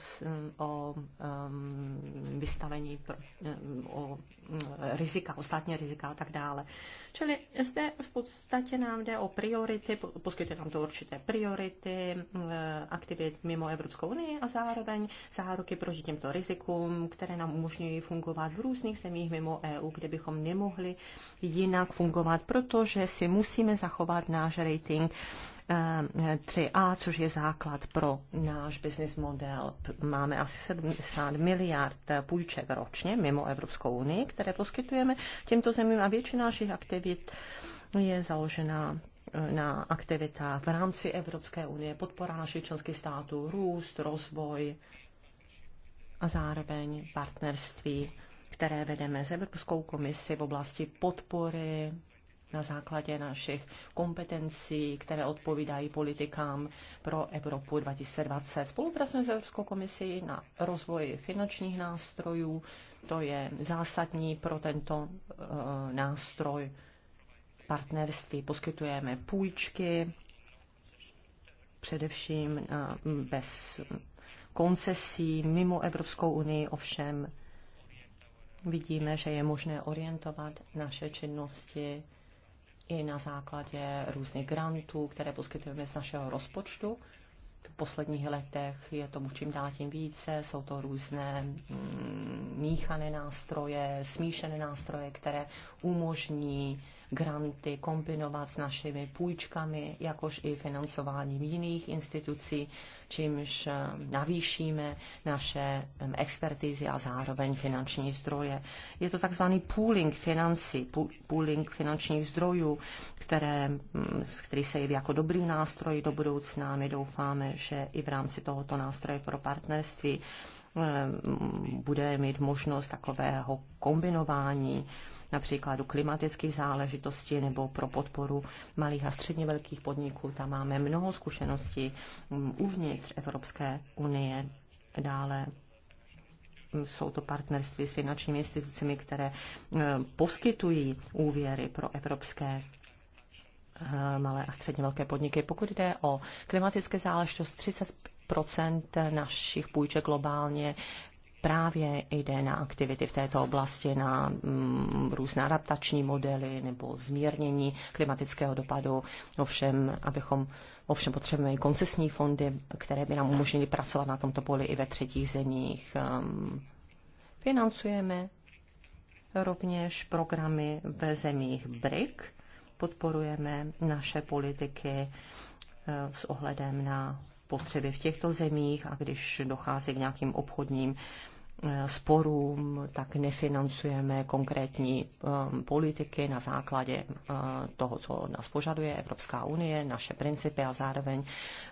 o um, vystavení, pro, um, o um, rizika, ostatní rizika a tak dále. Čili zde v podstatě nám jde o priority, poskytuje nám to určité priority um, aktivit mimo Evropskou unii a zároveň záruky proti těmto rizikům, které nám umožňují fungovat v různých zemích mimo EU, kde bychom nemohli jinak fungovat, protože si musíme zachovat náš rating 3A, eh, eh, což je základ pro náš business model. Máme asi 70 miliard půjček ročně mimo Evropskou unii, které poskytujeme těmto zemím a většina našich aktivit je založena eh, na aktivitách v rámci Evropské unie, podpora našich členských států, růst, rozvoj a zároveň partnerství, které vedeme s Evropskou komisi v oblasti podpory na základě našich kompetencí, které odpovídají politikám pro Evropu 2020. Spolupracujeme s Evropskou komisí na rozvoji finančních nástrojů, to je zásadní pro tento eh, nástroj partnerství. Poskytujeme půjčky, především eh, bez koncesí mimo Evropskou unii, ovšem vidíme, že je možné orientovat naše činnosti i na základě různých grantů, které poskytujeme z našeho rozpočtu. V posledních letech je tomu čím dál tím více, jsou to různé mm, míchané nástroje, smíšené nástroje, které umožní granty kombinovat s našimi půjčkami, jakož i financováním jiných institucí, čímž eh, navýšíme naše expertizy a zároveň finanční zdroje. Je to takzvaný pooling financí, pooling finančních zdrojů, které, mm, který se jeví jako dobrý nástroj do budoucna. My doufáme, že i v rámci tohoto nástroje pro partnerství eh, bude mít možnost takového kombinování například u klimatických záležitostí nebo pro podporu malých a středně velkých podniků. Tam máme mnoho zkušeností mm, uvnitř Evropské unie. Dále mm, jsou to partnerství s finančními institucemi, které mm, poskytují úvěry pro evropské eh, malé a středně velké podniky. Pokud jde o klimatické záležitost, 30 procent našich půjček globálně právě jde na aktivity v této oblasti, na mm, různé adaptační modely nebo zmírnění klimatického dopadu. Ovšem, abychom Ovšem potřebujeme i koncesní fondy, které by nám umožnily pracovat na tomto poli i ve třetích zemích. Ehm, financujeme rovněž programy ve zemích BRIC, podporujeme naše politiky eh, s ohledem na potřeby v těchto zemích a když dochází k nějakým obchodním sporům, tak nefinancujeme konkrétní um, politiky na základě uh, toho, co od nás požaduje Evropská unie, naše principy a zároveň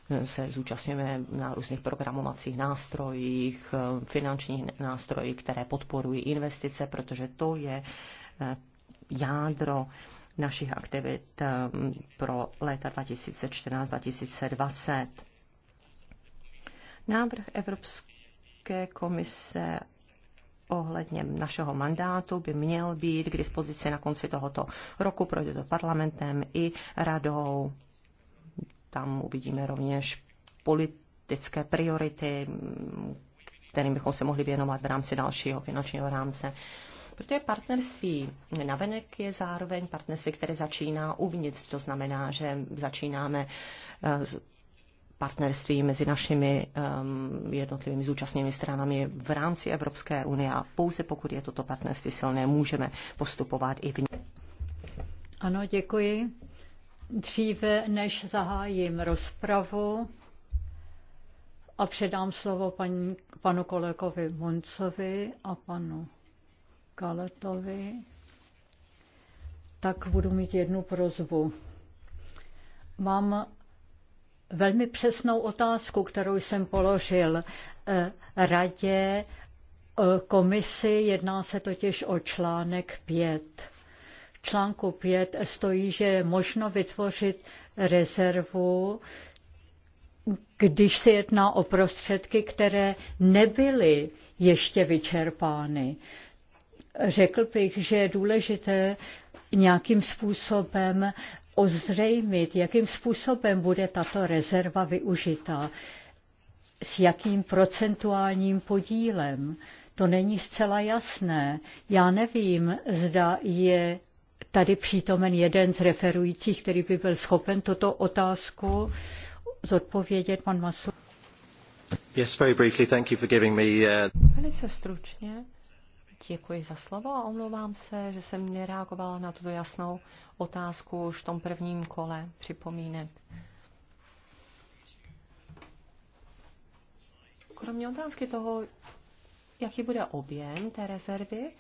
uh, se zúčastňujeme na různých programovacích nástrojích, uh, finančních nástrojích, které podporují investice, protože to je uh, jádro našich aktivit um, pro léta 2014-2020. Návrh Evropské Evropské komise ohledně našeho mandátu by měl být k dispozici na konci tohoto roku, projde to parlamentem i radou. Tam uvidíme rovněž politické priority, kterým bychom se mohli věnovat v rámci dalšího finančního rámce. Protože partnerství navenek je zároveň partnerství, které začíná uvnitř. To znamená, že začínáme partnerství mezi našimi um, jednotlivými zúčastněnými stranami v rámci Evropské unie a pouze pokud je toto partnerství silné, můžeme postupovat i v ní. Ano, děkuji. Dříve než zahájím rozpravu a předám slovo paní, panu kolegovi Moncovi a panu Kaletovi, tak budu mít jednu prozbu. Mám velmi přesnou otázku, kterou jsem položil eh, radě eh, komisi. Jedná se totiž o článek 5. V článku 5 stojí, že je možno vytvořit rezervu, když se jedná o prostředky, které nebyly ještě vyčerpány. Řekl bych, že je důležité nějakým způsobem ozřejmit, jakým způsobem bude tato rezerva využita, s jakým procentuálním podílem. To není zcela jasné. Já nevím, zda je tady přítomen jeden z referujících, který by byl schopen tuto otázku zodpovědět, pan Masu. Yes, very briefly, thank you for giving me, uh... Velice stručně. Děkuji za slovo a omlouvám se, že jsem nereagovala na tuto jasnou otázku už v tom prvním kole připomínek. Kromě otázky toho, jaký bude objem té rezervy,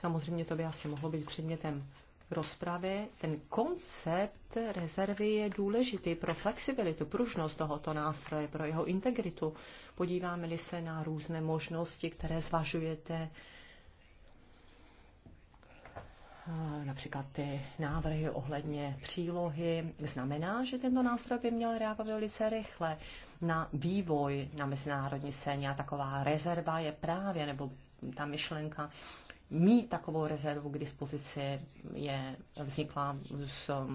samozřejmě to by asi mohlo být předmětem rozpravy, ten koncept rezervy je důležitý pro flexibilitu, pružnost tohoto nástroje, pro jeho integritu. Podíváme-li se na různé možnosti, které zvažujete, eh, například ty návrhy ohledně přílohy, znamená, že tento nástroj by měl reagovat velice rychle na vývoj na mezinárodní scéně a taková rezerva je právě, nebo ta myšlenka mít takovou rezervu k dispozici je vznikla s,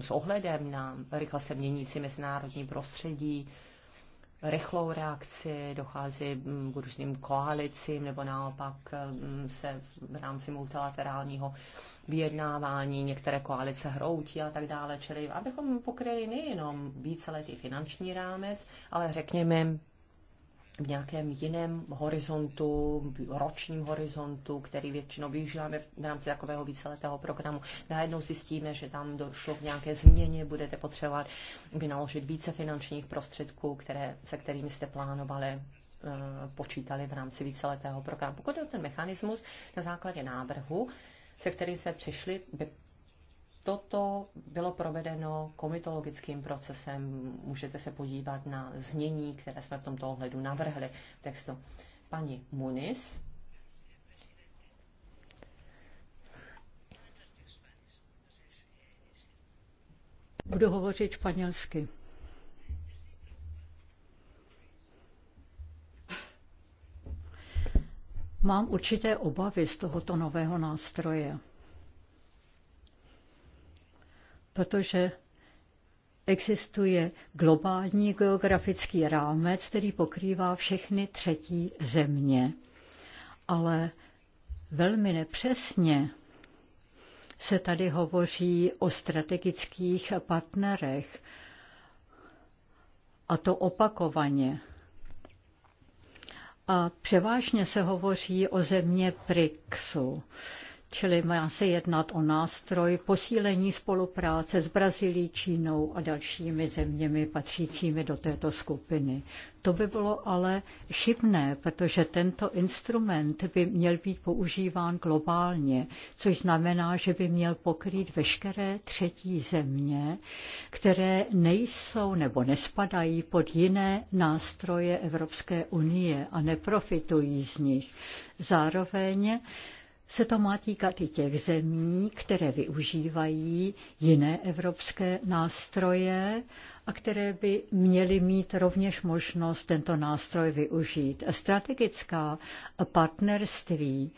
s ohledem na rychle se měnící mezinárodní prostředí, rychlou reakci, dochází mm, k různým koalicím nebo naopak mm, se v rámci multilaterálního vyjednávání některé koalice hroutí a tak dále. Čili abychom pokryli nejenom víceletý finanční rámec, ale řekněme v nějakém jiném horizontu, ročním horizontu, který většinou využíváme v rámci takového víceletého programu. Najednou zjistíme, že tam došlo k nějaké změně, budete potřebovat vynaložit více finančních prostředků, které, se kterými jste plánovali eh, počítali v rámci víceletého programu. Pokud je ten mechanismus na základě návrhu, se kterým se přišli, by Toto bylo provedeno komitologickým procesem. Můžete se podívat na znění, které jsme v tomto ohledu navrhli textu. Paní Muniz. Budu hovořit španělsky. Mám určité obavy z tohoto nového nástroje. protože existuje globální geografický rámec, který pokrývá všechny třetí země. Ale velmi nepřesně se tady hovoří o strategických partnerech, a to opakovaně. A převážně se hovoří o země PRIXu. Čili má se jednat o nástroj posílení spolupráce s Brazílií, Čínou a dalšími zeměmi patřícími do této skupiny. To by bylo ale chybné, protože tento instrument by měl být používán globálně, což znamená, že by měl pokrýt veškeré třetí země, které nejsou nebo nespadají pod jiné nástroje Evropské unie a neprofitují z nich. Zároveň se to má týkat i těch zemí, které využívají jiné evropské nástroje a které by měly mít rovněž možnost tento nástroj využít. Strategická partnerství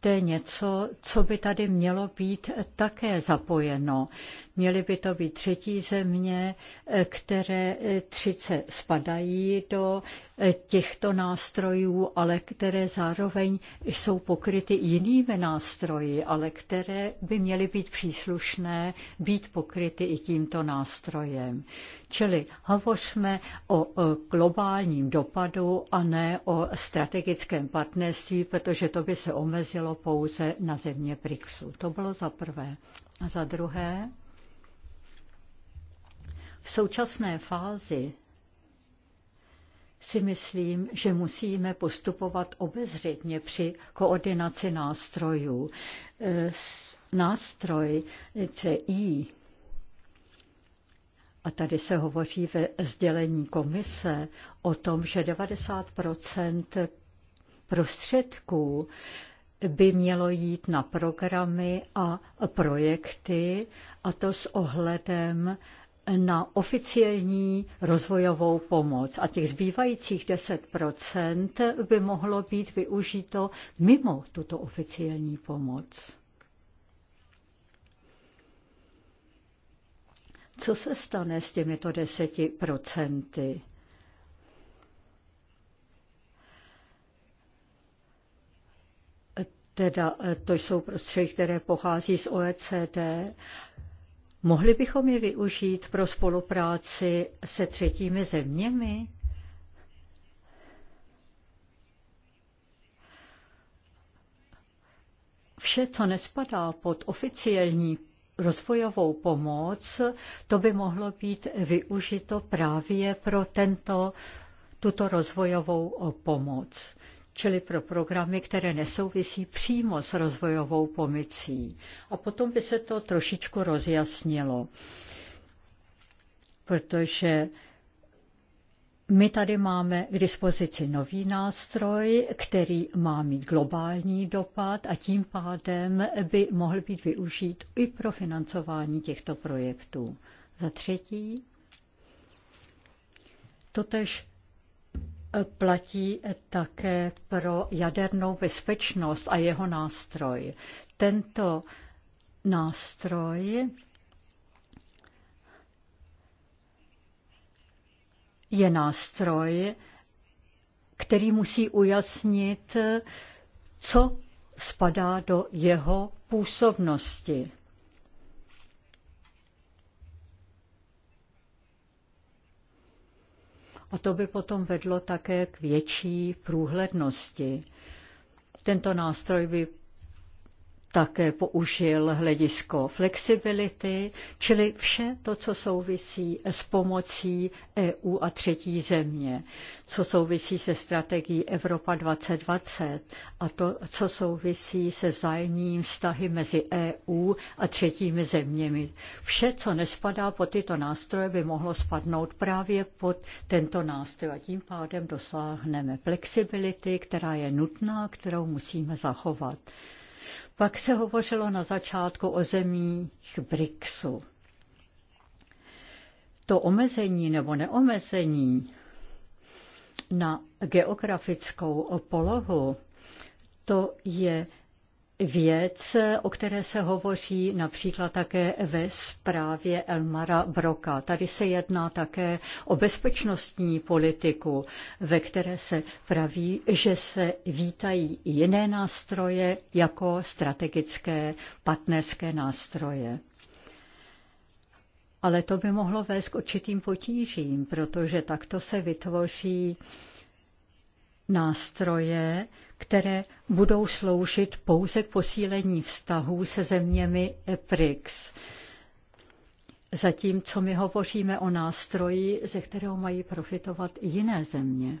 to je něco, co by tady mělo být také zapojeno. Měly by to být třetí země, eh, které eh, třice spadají do eh, těchto nástrojů, ale které zároveň jsou pokryty jinými nástroji, ale které by měly být příslušné být pokryty i tímto nástrojem. Čili hovořme o globálním dopadu a ne o strategickém partnerství, protože to by se omezilo pouze na země BRICSu. To bylo za prvé. A za druhé, v současné fázi si myslím, že musíme postupovat obezřetně při koordinaci nástrojů. E, nástroj CI tady se hovoří ve sdělení komise o tom, že 90 prostředků by mělo jít na programy a projekty, a to s ohledem na oficiální rozvojovou pomoc a těch zbývajících 10 by mohlo být využito mimo tuto oficiální pomoc. Co se stane s těmito deseti procenty? Teda eh, to jsou prostředky, které pochází z OECD. Mohli bychom je využít pro spolupráci se třetími zeměmi? Vše, co nespadá pod oficiální rozvojovou pomoc, to by mohlo být využito právě pro tento, tuto rozvojovou pomoc čili pro programy, které nesouvisí přímo s rozvojovou pomocí. A potom by se to trošičku rozjasnilo, protože my tady máme k dispozici nový nástroj, který má mít globální dopad a tím pádem by mohl být využít i pro financování těchto projektů. Za třetí, totež platí také pro jadernou bezpečnost a jeho nástroj. Tento nástroj je nástroj, který musí ujasnit, co spadá do jeho působnosti. A to by potom vedlo také k větší průhlednosti. Tento nástroj by také použil hledisko flexibility, čili vše to, co souvisí s pomocí EU a třetí země, co souvisí se strategií Evropa 2020 a to, co souvisí se vzájemným vztahy mezi EU a třetími zeměmi. Vše, co nespadá pod tyto nástroje, by mohlo spadnout právě pod tento nástroj a tím pádem dosáhneme flexibility, která je nutná, kterou musíme zachovat. Pak se hovořilo na začátku o zemích BRICSu. To omezení nebo neomezení na geografickou polohu, to je věc, o které se hovoří například také ve zprávě Elmara Broka. Tady se jedná také o bezpečnostní politiku, ve které se praví, že se vítají jiné nástroje jako strategické partnerské nástroje. Ale to by mohlo vést k určitým potížím, protože takto se vytvoří nástroje, které budou sloužit pouze k posílení vztahů se zeměmi EPRIX. Zatímco my hovoříme o nástroji, ze kterého mají profitovat jiné země.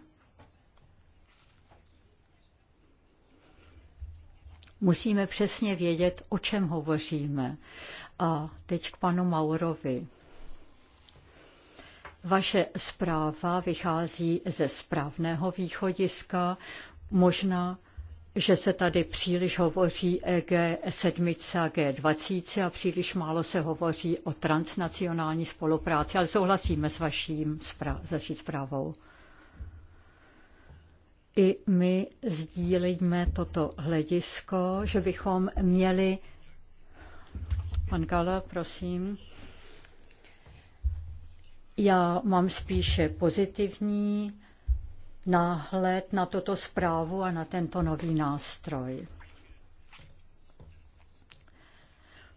Musíme přesně vědět, o čem hovoříme. A teď k panu Maurovi. Vaše zpráva vychází ze správného východiska, Možná, že se tady příliš hovoří e G7 a G20 a příliš málo se hovoří o transnacionální spolupráci, ale souhlasíme s vaším, s zprávou. I my sdílíme toto hledisko, že bychom měli. Pan Gala, prosím. Já mám spíše pozitivní náhled na toto zprávu a na tento nový nástroj.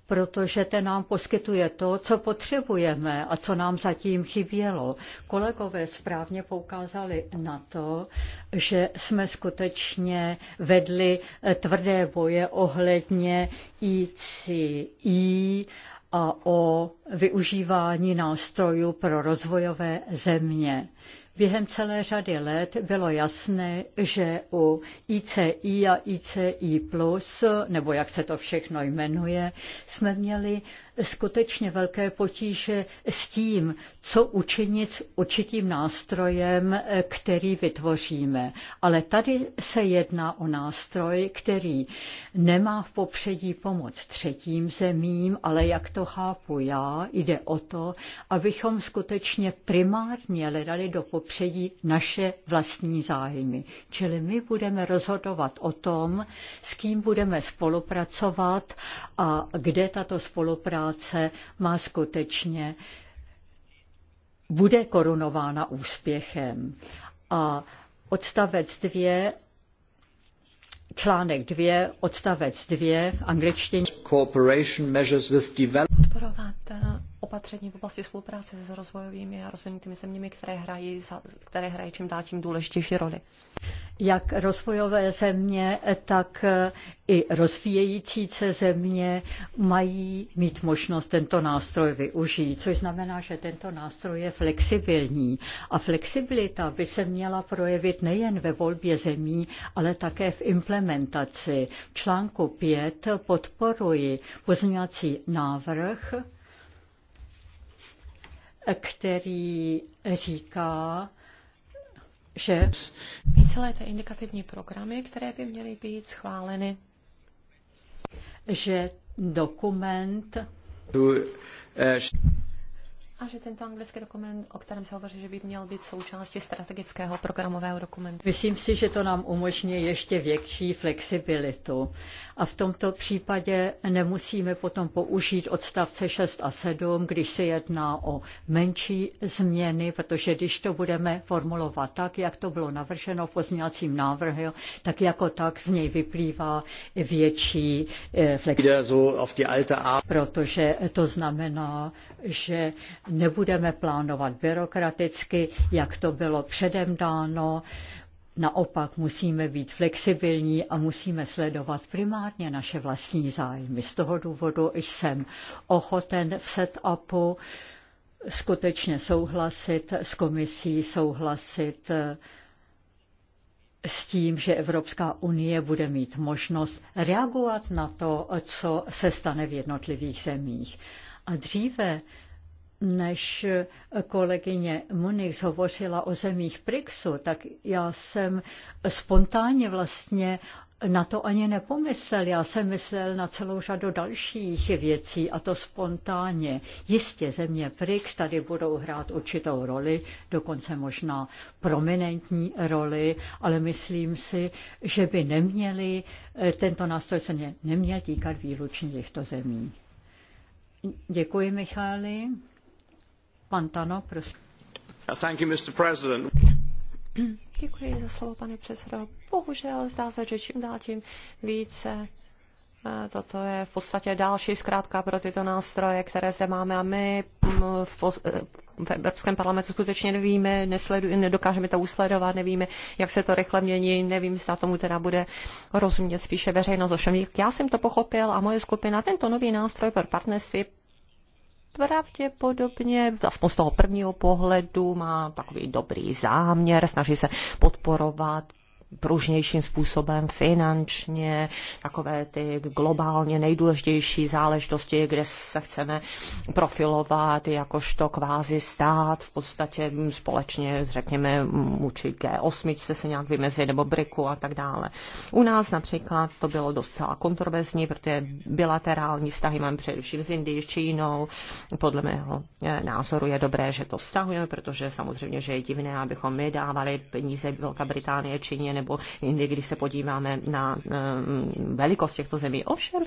protože ten nám poskytuje to, co potřebujeme a co nám zatím chybělo. Kolegové správně poukázali na to, že jsme skutečně vedli eh, tvrdé boje ohledně ICI a o využívání nástrojů pro rozvojové země. Během celé řady let bylo jasné, že u ICI a ICI+, nebo jak se to všechno jmenuje, jsme měli skutečně velké potíže s tím, co učinit s určitým nástrojem, který vytvoříme. Ale tady se jedná o nástroj, který nemá v popředí pomoc třetím zemím, ale jak to chápu já, jde o to, abychom skutečně primárně hledali do popředí popředí naše vlastní zájmy. Čili my budeme rozhodovat o tom, s kým budeme spolupracovat a kde tato spolupráce má skutečně bude korunována úspěchem. A odstavec 2 článek 2, odstavec 2 v angličtině. Cooperation measures with development opatření v oblasti spolupráce s rozvojovými a rozvinutými zeměmi, které hrají, za, které hrají čím dál tím důležitější roli. Jak rozvojové země, tak eh, i rozvíjející se země mají mít možnost tento nástroj využít, což znamená, že tento nástroj je flexibilní. A flexibilita by se měla projevit nejen ve volbě zemí, ale také v implementaci. V článku 5 podporuji pozměňovací návrh, který říká, že víceleté indikativní programy, které by měly být schváleny, že dokument eh, a že tento anglický dokument, o kterém se hovoří, že by měl být součástí strategického programového dokumentu. Myslím si, že to nám umožní ještě větší flexibilitu. A v tomto případě nemusíme potom použít odstavce 6 a 7, když se jedná o menší změny, protože když to budeme formulovat tak, jak to bylo navrženo v pozměňovacím návrhu, tak jako tak z něj vyplývá větší eh, flexibilita. Protože to znamená, že nebudeme plánovat byrokraticky, jak to bylo předem dáno. Naopak musíme být flexibilní a musíme sledovat primárně naše vlastní zájmy. Z toho důvodu jsem ochoten v setupu skutečně souhlasit s komisí, souhlasit s tím, že Evropská unie bude mít možnost reagovat na to, co se stane v jednotlivých zemích. A dříve, než kolegyně Monik hovořila o zemích Prixu, tak já jsem spontánně vlastně na to ani nepomyslel. Já jsem myslel na celou řadu dalších věcí a to spontánně. Jistě země PRIX tady budou hrát určitou roli, dokonce možná prominentní roli, ale myslím si, že by neměli, eh, tento nástroj se neměl týkat výlučně těchto zemí. Děkuji, Michály. Děkuji pane předsedající. Bohužel zdá se, že čím dál tím více eh, Toto je v podstatě další zkratka pro tyto nástroje, které zde máme a my mm, eh, v, Evropském parlamentu skutečně nevíme, nedokážeme to usledovat, nevíme, jak se to rychle mění, nevím, zda tomu teda bude rozumět spíše veřejnost. Ovšem, já jsem to pochopil a moje skupina tento nový nástroj pro partnerství pravděpodobně, aspoň z toho prvního pohledu, má takový dobrý záměr, snaží se podporovat pružnějším způsobem finančně, takové ty globálně nejdůležitější záležitosti, kde se chceme profilovat jakožto kvázi stát, v podstatě společně, řekněme, muči G8 se, se nějak vymezit, nebo BRICu a tak dále. U nás například to bylo docela kontroverzní, protože bilaterální vztahy máme především s Indií, s Čínou. Podle mého eh, názoru je dobré, že to vztahujeme, protože samozřejmě, že je divné, abychom my dávali peníze Velká Británie, Číně nebo jindy, když se podíváme na eh, velikost těchto zemí. Ovšem,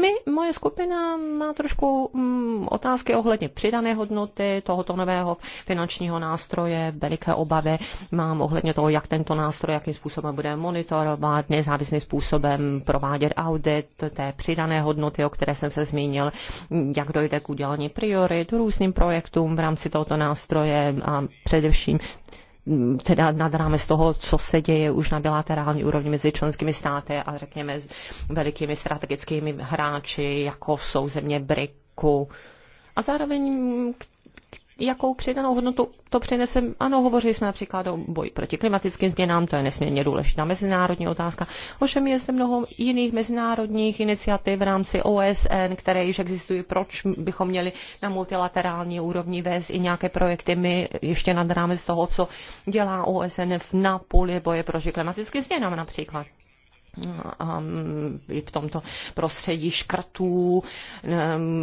my, moje skupina má trošku mm, otázky ohledně přidané hodnoty tohoto nového finančního nástroje, veliké obavy mám ohledně toho, jak tento nástroj, jakým způsobem bude monitorovat, nezávislým způsobem provádět audit té přidané hodnoty, o které jsem se zmínil, jak dojde k udělání priorit, různým projektům v rámci tohoto nástroje a především teda nad rámec toho, co se děje už na bilaterální úrovni mezi členskými státy a řekněme s velikými strategickými hráči, jako jsou země BRICu a zároveň jakou přidanou hodnotu to přinese. Ano, hovořili jsme například o boji proti klimatickým změnám, to je nesmírně důležitá mezinárodní otázka. Ovšem je zde mnoho jiných mezinárodních iniciativ v rámci OSN, které již existují. Proč bychom měli na multilaterální úrovni vést i nějaké projekty my ještě nad rámec toho, co dělá OSN na poli boje proti klimatickým změnám například? a i v tomto prostředí škrtů,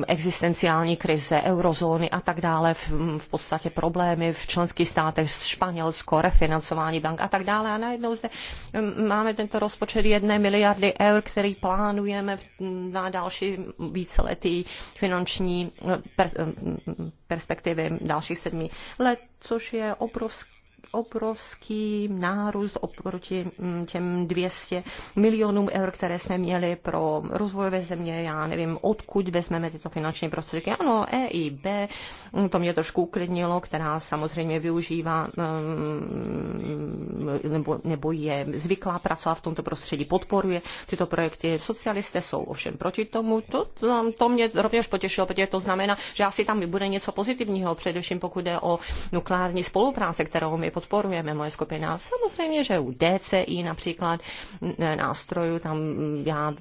existenciální krize, eurozóny a tak dále, v podstatě problémy v členských státech, Španělsko, refinancování bank a tak dále. A najednou zde máme tento rozpočet jedné miliardy eur, který plánujeme na další víceletý finanční perspektivy dalších sedmi let, což je obrovský obrovský nárůst oproti mm, těm 200 milionům eur, které jsme měli pro rozvojové země. Já nevím, odkud vezmeme tyto finanční prostředky. Ano, EIB, mm, to mě trošku uklidnilo, která samozřejmě využívá mm, nebo, nebo je zvyklá pracovat v tomto prostředí, podporuje tyto projekty. Socialisté jsou ovšem proti tomu. To, to, to mě rovněž potěšilo, protože to znamená, že asi tam bude něco pozitivního, především pokud jde o nukleární spolupráce, kterou my podporujeme, moje skupina. Samozřejmě, že u DCI například nástrojů, tam já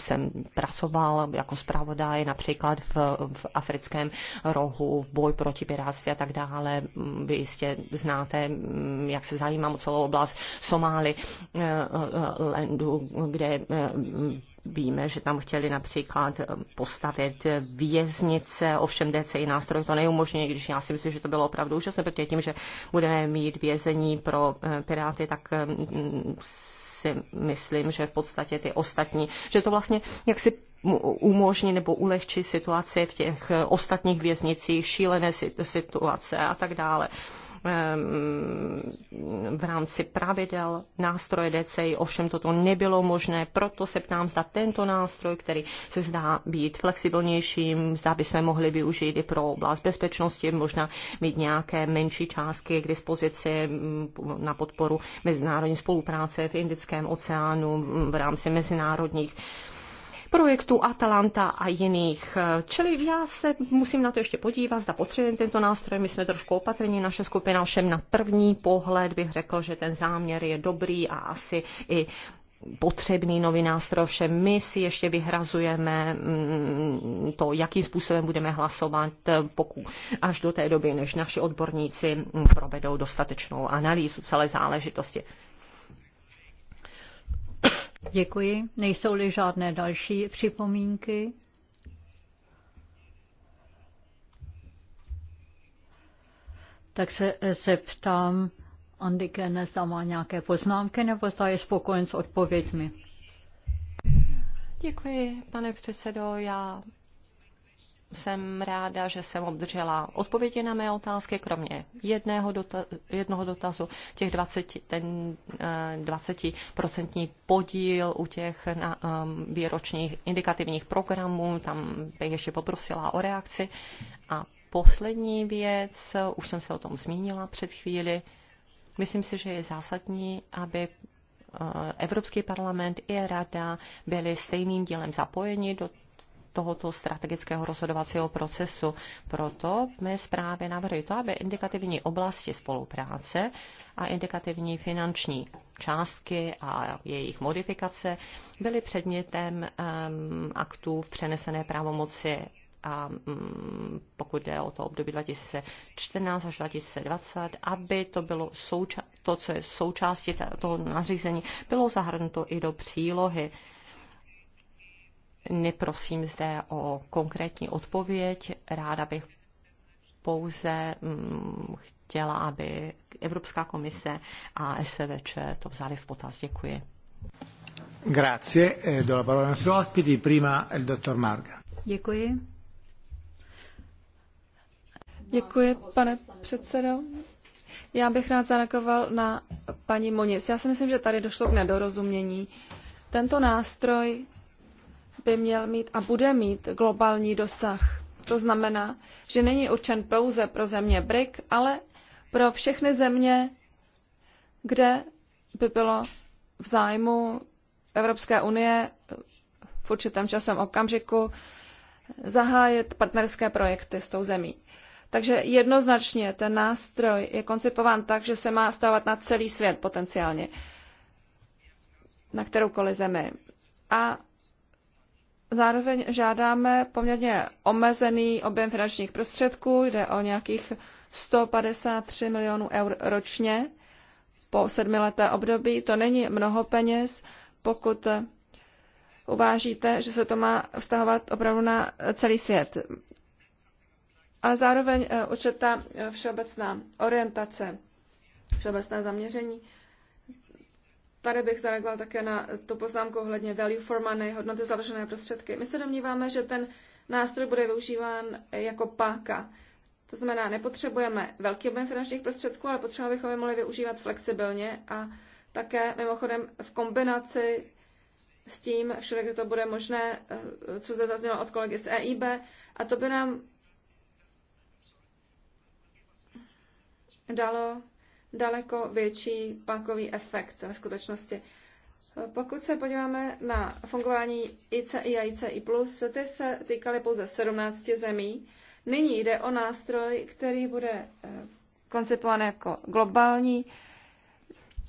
jsem pracoval jako zpravodaj například v, v africkém rohu, v boj proti piráctví a tak dále. Vy jistě znáte, jak se zajímám o celou oblast Somály, e, e, e, Lendu, kde Víme, že tam chtěli například eh, postavit věznice, ovšem DCI nástroj to neumožňuje, když já si myslím, že to bylo opravdu úžasné, protože tím, že budeme mít vězení pro eh, piráty, tak eh, si myslím, že v podstatě ty ostatní, že to vlastně jak si umožní nebo ulehčí situace v těch ostatních věznicích, šílené situace a tak dále. Ehm, v rámci pravidel nástroje DCI, ovšem toto nebylo možné, proto se ptám, zda tento nástroj, který se zdá být flexibilnějším, zda by se mohli využít i pro oblast bezpečnosti, možná mít nějaké menší částky k dispozici mm, na podporu mezinárodní spolupráce v Indickém oceánu mm, v rámci mezinárodních projektu Atalanta a jiných. Čili já se musím na to ještě podívat, zda potřebujeme tento nástroj. My jsme trošku opatrní, naše skupina všem na první pohled bych řekl, že ten záměr je dobrý a asi i potřebný nový nástroj, všem my si ještě vyhrazujeme mm, to, jakým způsobem budeme hlasovat pokud, až do té doby, než naši odborníci mm, provedou dostatečnou analýzu celé záležitosti. Děkuji. Nejsou-li žádné další připomínky? Tak se zeptám Andy Kene, zda má nějaké poznámky nebo zda je spokojen s odpověďmi. Děkuji, pane předsedo. Já jsem ráda, že jsem obdržela odpovědi na mé otázky, kromě jedného, dotazu, jednoho dotazu, těch 20, ten 20% eh, podíl u těch na, um, výročních indikativních programů, tam bych ještě poprosila o reakci. A poslední věc, už jsem se o tom zmínila před chvíli, myslím si, že je zásadní, aby eh, Evropský parlament i Rada byly stejným dílem zapojeni do tohoto strategického rozhodovacího procesu. Proto my zprávě navrhuji to, aby indikativní oblasti spolupráce a indikativní finanční částky a jejich modifikace byly předmětem um, aktů v přenesené právomoci a mm, pokud jde o to období 2014 až 2020, aby to bylo souča- to, co je součástí toho nařízení, bylo zahrnuto i do přílohy neprosím zde o konkrétní odpověď. Ráda bych pouze mm, chtěla, aby Evropská komise a SVČ to vzali v potaz. Děkuji. Grazie. Eh, do la parola nostro ospiti. Prima il dottor Marga. Děkuji. Děkuji, pane předsedo. Já bych rád zareagoval na paní Moniz. Já si myslím, že tady došlo k nedorozumění. Tento nástroj by měl mít a bude mít globální dosah. To znamená, že není určen pouze pro země BRIC, ale pro všechny země, kde by bylo v zájmu Evropské unie v určitém časem okamžiku zahájit partnerské projekty s tou zemí. Takže jednoznačně ten nástroj je koncipován tak, že se má stávat na celý svět potenciálně, na kteroukoliv zemi. A Zároveň žádáme poměrně omezený objem finančních prostředků, jde o nějakých 153 milionů eur ročně po sedmileté období. To není mnoho peněz, pokud uvážíte, že se to má vztahovat opravdu na celý svět. A zároveň eh, určitá eh, všeobecná orientace, všeobecné zaměření. Tady bych zareagoval také na to, poznámku ohledně value for money, hodnoty založené prostředky. My se domníváme, že ten nástroj bude využíván jako páka. To znamená, nepotřebujeme velký objem finančních prostředků, ale potřebujeme, abychom je mohli využívat flexibilně a také mimochodem v kombinaci s tím, všude, kde to bude možné, eh, co zde zaznělo od kolegy z EIB, a to by nám dalo daleko větší pákový efekt ve skutečnosti. Pokud se podíváme na fungování ICI a ICI+, ty se týkaly pouze 17 zemí. Nyní jde o nástroj, který bude eh, koncipován jako globální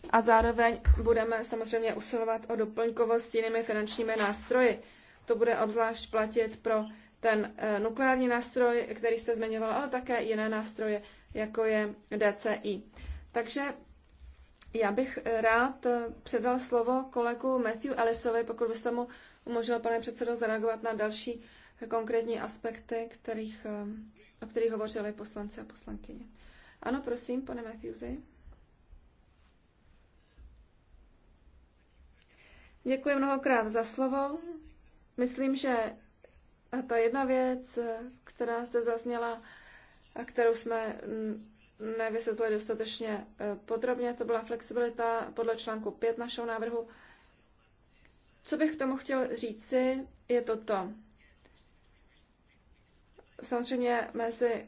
a zároveň budeme samozřejmě usilovat o doplňkovost jinými finančními nástroji. To bude obzvlášť platit pro ten eh, nukleární nástroj, který jste zmiňoval, ale také jiné nástroje, jako je DCI. Takže já bych rád předal slovo kolegu Matthew Ellisovi, pokud byste mu umožnil, pane předsedo, zareagovat na další konkrétní aspekty, kterých, o kterých hovořili poslanci a poslankyně. Ano, prosím, pane Matthewsi. Děkuji mnohokrát za slovo. Myslím, že ta jedna věc, která zde zazněla a kterou jsme nevysvětlili dostatečně eh, podrobně. To byla flexibilita podle článku 5 našeho návrhu. Co bych k tomu chtěl říci, je toto. Samozřejmě mezi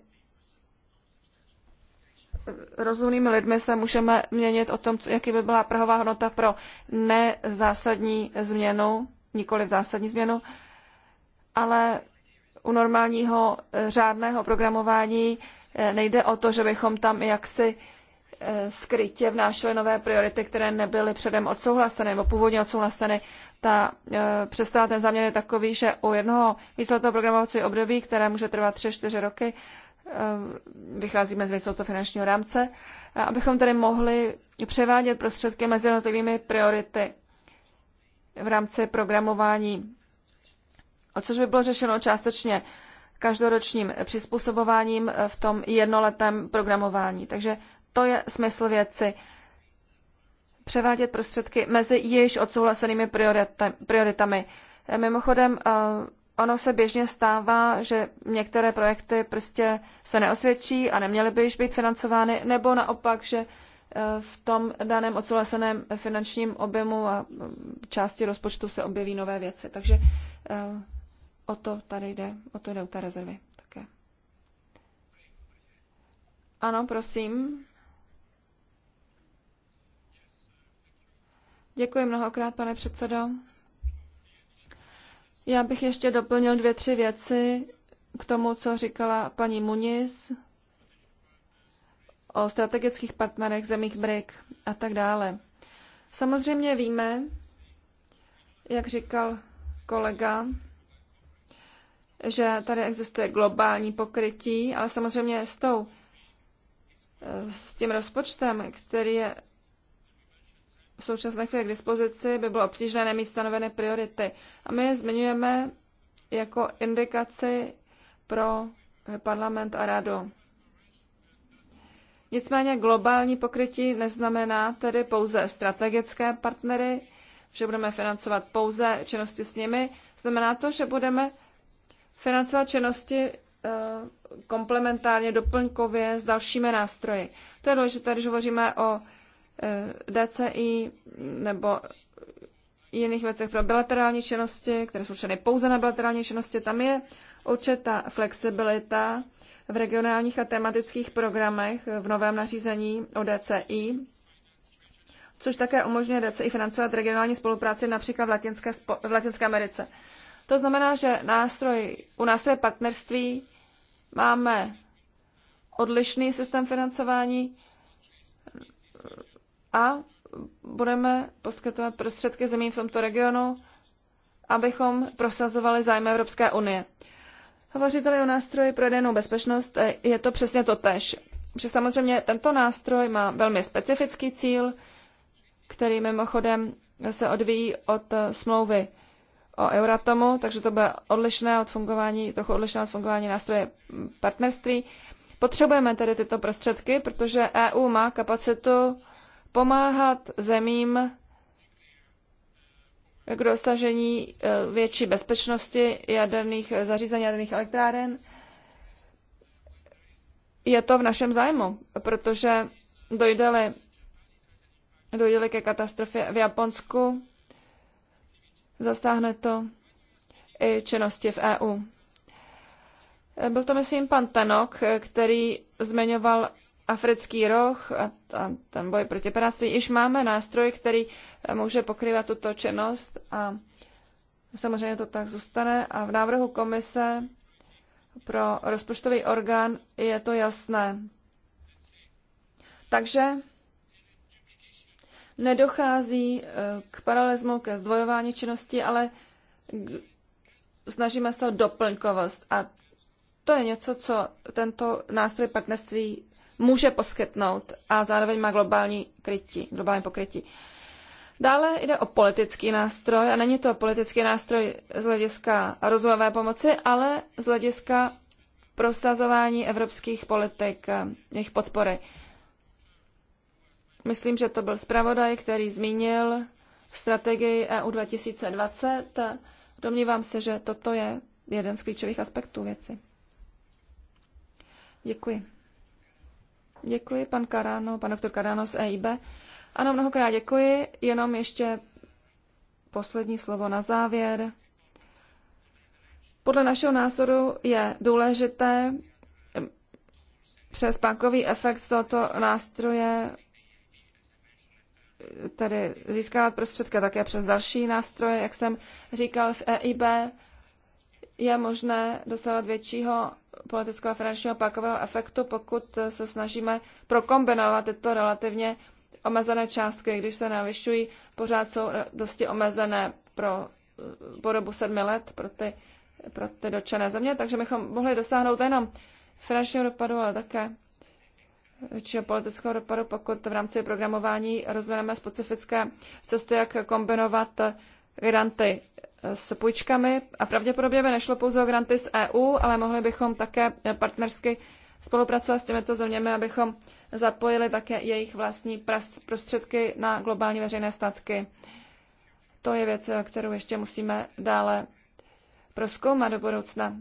rozumnými lidmi se můžeme měnit o tom, jaký by byla prahová hodnota pro nezásadní změnu, nikoli zásadní změnu, ale u normálního eh, řádného programování Eh, nejde o to, že bychom tam jaksi eh, skrytě vnášely nové priority, které nebyly předem odsouhlaseny nebo původně odsouhlaseny. Ta eh, přestává ten záměr je takový, že u jednoho víceletého programovacího období, které může trvat 3-4 roky, vycházíme z věcou finančního rámce, abychom tedy mohli převádět prostředky mezi jednotlivými priority v rámci programování, o což by bylo řešeno částečně každoročním přizpůsobováním v tom jednoletém programování. Takže to je smysl věci. Převádět prostředky mezi již odsouhlasenými prioritami. Mimochodem, eh, ono se běžně stává, že některé projekty prostě se neosvědčí a neměly by již být financovány, nebo naopak, že eh, v tom daném odsouhlaseném finančním objemu a eh, části rozpočtu se objeví nové věci. Takže o to tady jde, o to jde u té rezervy také. Ano, prosím. Děkuji mnohokrát, pane předsedo. Já bych ještě doplnil dvě, tři věci k tomu, co říkala paní Muniz o strategických partnerech zemích BRIC a tak dále. Samozřejmě víme, jak říkal kolega, že tady existuje globální pokrytí, ale samozřejmě s, tou, eh, s tím rozpočtem, který je v současné chvíli k dispozici, by bylo obtížné nemít stanovené priority. A my je zmiňujeme jako indikaci pro eh, parlament a radu. Nicméně globální pokrytí neznamená tedy pouze strategické partnery, že budeme financovat pouze činnosti s nimi. Znamená to, že budeme financovat činnosti eh, komplementárně, doplňkově s dalšími nástroji. To je důležité, když hovoříme o eh, DCI nebo jiných věcech pro bilaterální činnosti, které jsou členy pouze na bilaterální činnosti, tam je určitá flexibilita v regionálních a tematických programech v novém nařízení o DCI, což také umožňuje DCI financovat regionální spolupráci například v Latinské, v Latinské Americe. To znamená, že nástroj, u nástroje partnerství máme odlišný systém financování a budeme poskytovat prostředky zemím v tomto regionu, abychom prosazovali zájmy Evropské unie. Hovořiteli o nástroji pro jedenou bezpečnost eh, je to přesně to tež. Že samozřejmě tento nástroj má velmi specifický cíl, který mimochodem se odvíjí od eh, smlouvy o Euratomu, takže to bude odlišné od fungování, trochu odlišné od fungování nástroje partnerství. Potřebujeme tedy tyto prostředky, protože EU má kapacitu pomáhat zemím k dosažení e, větší bezpečnosti jaderných e, zařízení jaderných elektráren. Je to v našem zájmu, protože dojde-li, dojde ke katastrofě v Japonsku, Zastáhne to i činnosti v EU. Byl to, myslím, pan Tanok, který zmiňoval africký roh a, a ten boj proti piráctví. Již máme nástroj, který může pokrývat tuto činnost a samozřejmě to tak zůstane. A v návrhu komise pro rozpočtový orgán je to jasné. Takže nedochází eh, k paralelismu, ke zdvojování činnosti, ale snažíme se o doplňkovost. A to je něco, co tento nástroj partnerství může poskytnout a zároveň má globální krytí, globální pokrytí. Dále jde o politický nástroj a není to politický nástroj z hlediska rozvojové pomoci, ale z hlediska prosazování evropských politik, eh, jejich podpory. Myslím, že to byl zpravodaj, který zmínil strategii EU 2020. Domnívám se, že toto je jeden z klíčových aspektů věci. Děkuji. Děkuji, pan Karano, pan doktor Karano z EIB. Ano, mnohokrát děkuji, jenom ještě poslední slovo na závěr. Podle našeho názoru je důležité přes bankový efekt z tohoto nástroje tedy získávat prostředky také přes další nástroje, jak jsem říkal v EIB, je možné dosahovat většího politického a finančního pákového efektu, pokud se snažíme prokombinovat tyto relativně omezené částky, když se navyšují, pořád jsou dosti omezené pro po dobu sedmi let pro ty, pro ty dočené země, takže bychom mohli dosáhnout jenom finančního dopadu, ale také či politického dopadu, pokud v rámci programování rozvineme specifické cesty, jak kombinovat granty s půjčkami. A pravděpodobně by nešlo pouze o granty z EU, ale mohli bychom také partnersky spolupracovat s těmito zeměmi, abychom zapojili také jejich vlastní prostředky na globální veřejné statky. To je věc, kterou ještě musíme dále proskoumat do budoucna.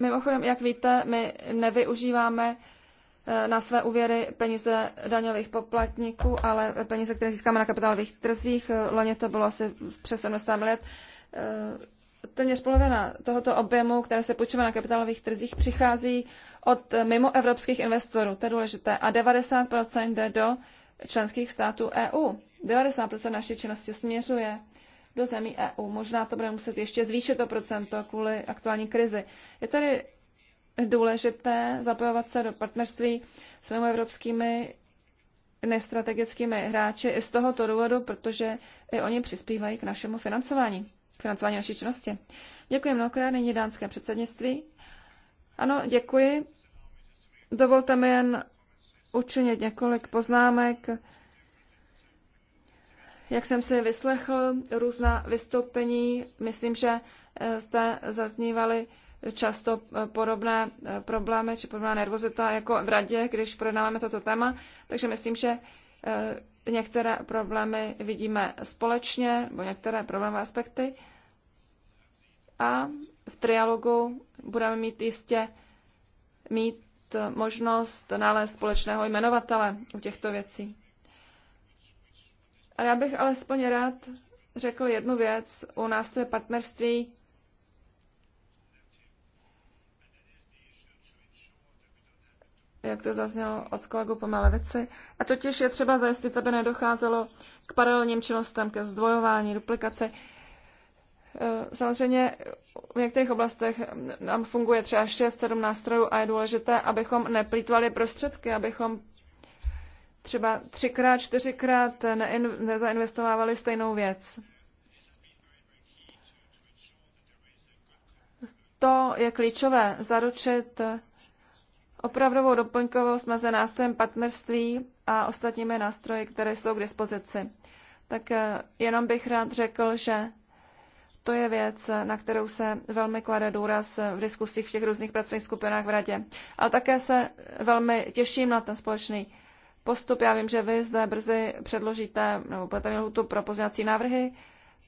Mimochodem, jak víte, my nevyužíváme eh, na své úvěry peníze daňových poplatníků, ale peníze, které získáme na kapitálových trzích. Eh, loni to bylo asi přes 70 miliard. Eh, téměř polovina tohoto objemu, které se půjčíme na kapitálových trzích, přichází od mimo evropských investorů, to je důležité, a 90% jde do členských států EU. 90% naší činnosti směřuje do zemí EU. Možná to bude muset ještě zvýšit to procento kvůli aktuální krizi. Je tady důležité zapojovat se do partnerství s evropskými nestrategickými hráči i z tohoto důvodu, protože i oni přispívají k našemu financování, k financování naší činnosti. Děkuji mnohokrát, nyní dánské předsednictví. Ano, děkuji. Dovolte mi jen učinit několik poznámek jak jsem si vyslechl různá vystoupení, myslím, že eh, zde zaznívaly často eh, podobné eh, problémy či podobná nervozita jako v radě, když projednáváme toto téma. Takže myslím, že některé problémy vidíme společně, nebo některé problémové aspekty. A v trialogu budeme mít jistě mít možnost nalézt společného jmenovatele u těchto věcí. Ale já bych alespoň rád řekl jednu věc o nástroje partnerství. jak to zaznělo od kolegu po mé levici. A totiž je třeba zajistit, aby nedocházelo k paralelním činnostem, ke zdvojování, duplikaci. Eh, samozřejmě v některých oblastech nám funguje třeba 6-7 nástrojů a je důležité, abychom neplýtvali prostředky, abychom třeba třikrát, čtyřikrát nein, nezainvestovávali stejnou věc. To je klíčové, zaručit opravdovou doplňkovost mezi nástrojem partnerství a ostatními nástroji, které jsou k dispozici. Tak eh, jenom bych rád řekl, že to je věc, eh, na kterou se velmi klade důraz eh, v diskusích v těch různých pracovních skupinách v Radě. Ale také se velmi těším na ten společný postup. Já vím, že vy zde brzy předložíte nebo budete mít lhutu pro pozměňovací návrhy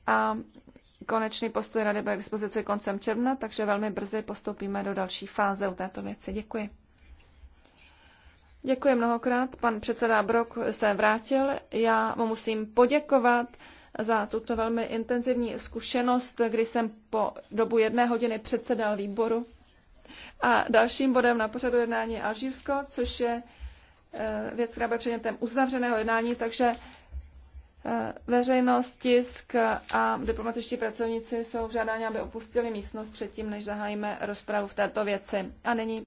a konečný postup rady bude k dispozici koncem června, takže velmi brzy postoupíme do další fáze u této věci. Děkuji. Děkuji mnohokrát. Pan předseda Brok se vrátil. Já mu musím poděkovat za tuto velmi intenzivní zkušenost, když jsem po dobu jedné hodiny předsedal výboru. A dalším bodem na pořadu jednání je Alžírsko, což je Eh, věc, která bude předmětem uzavřeného jednání, takže eh, veřejnost, tisk a diplomatičtí pracovníci jsou žádáni, aby opustili místnost předtím, než zahájíme rozpravu v této věci. A nyní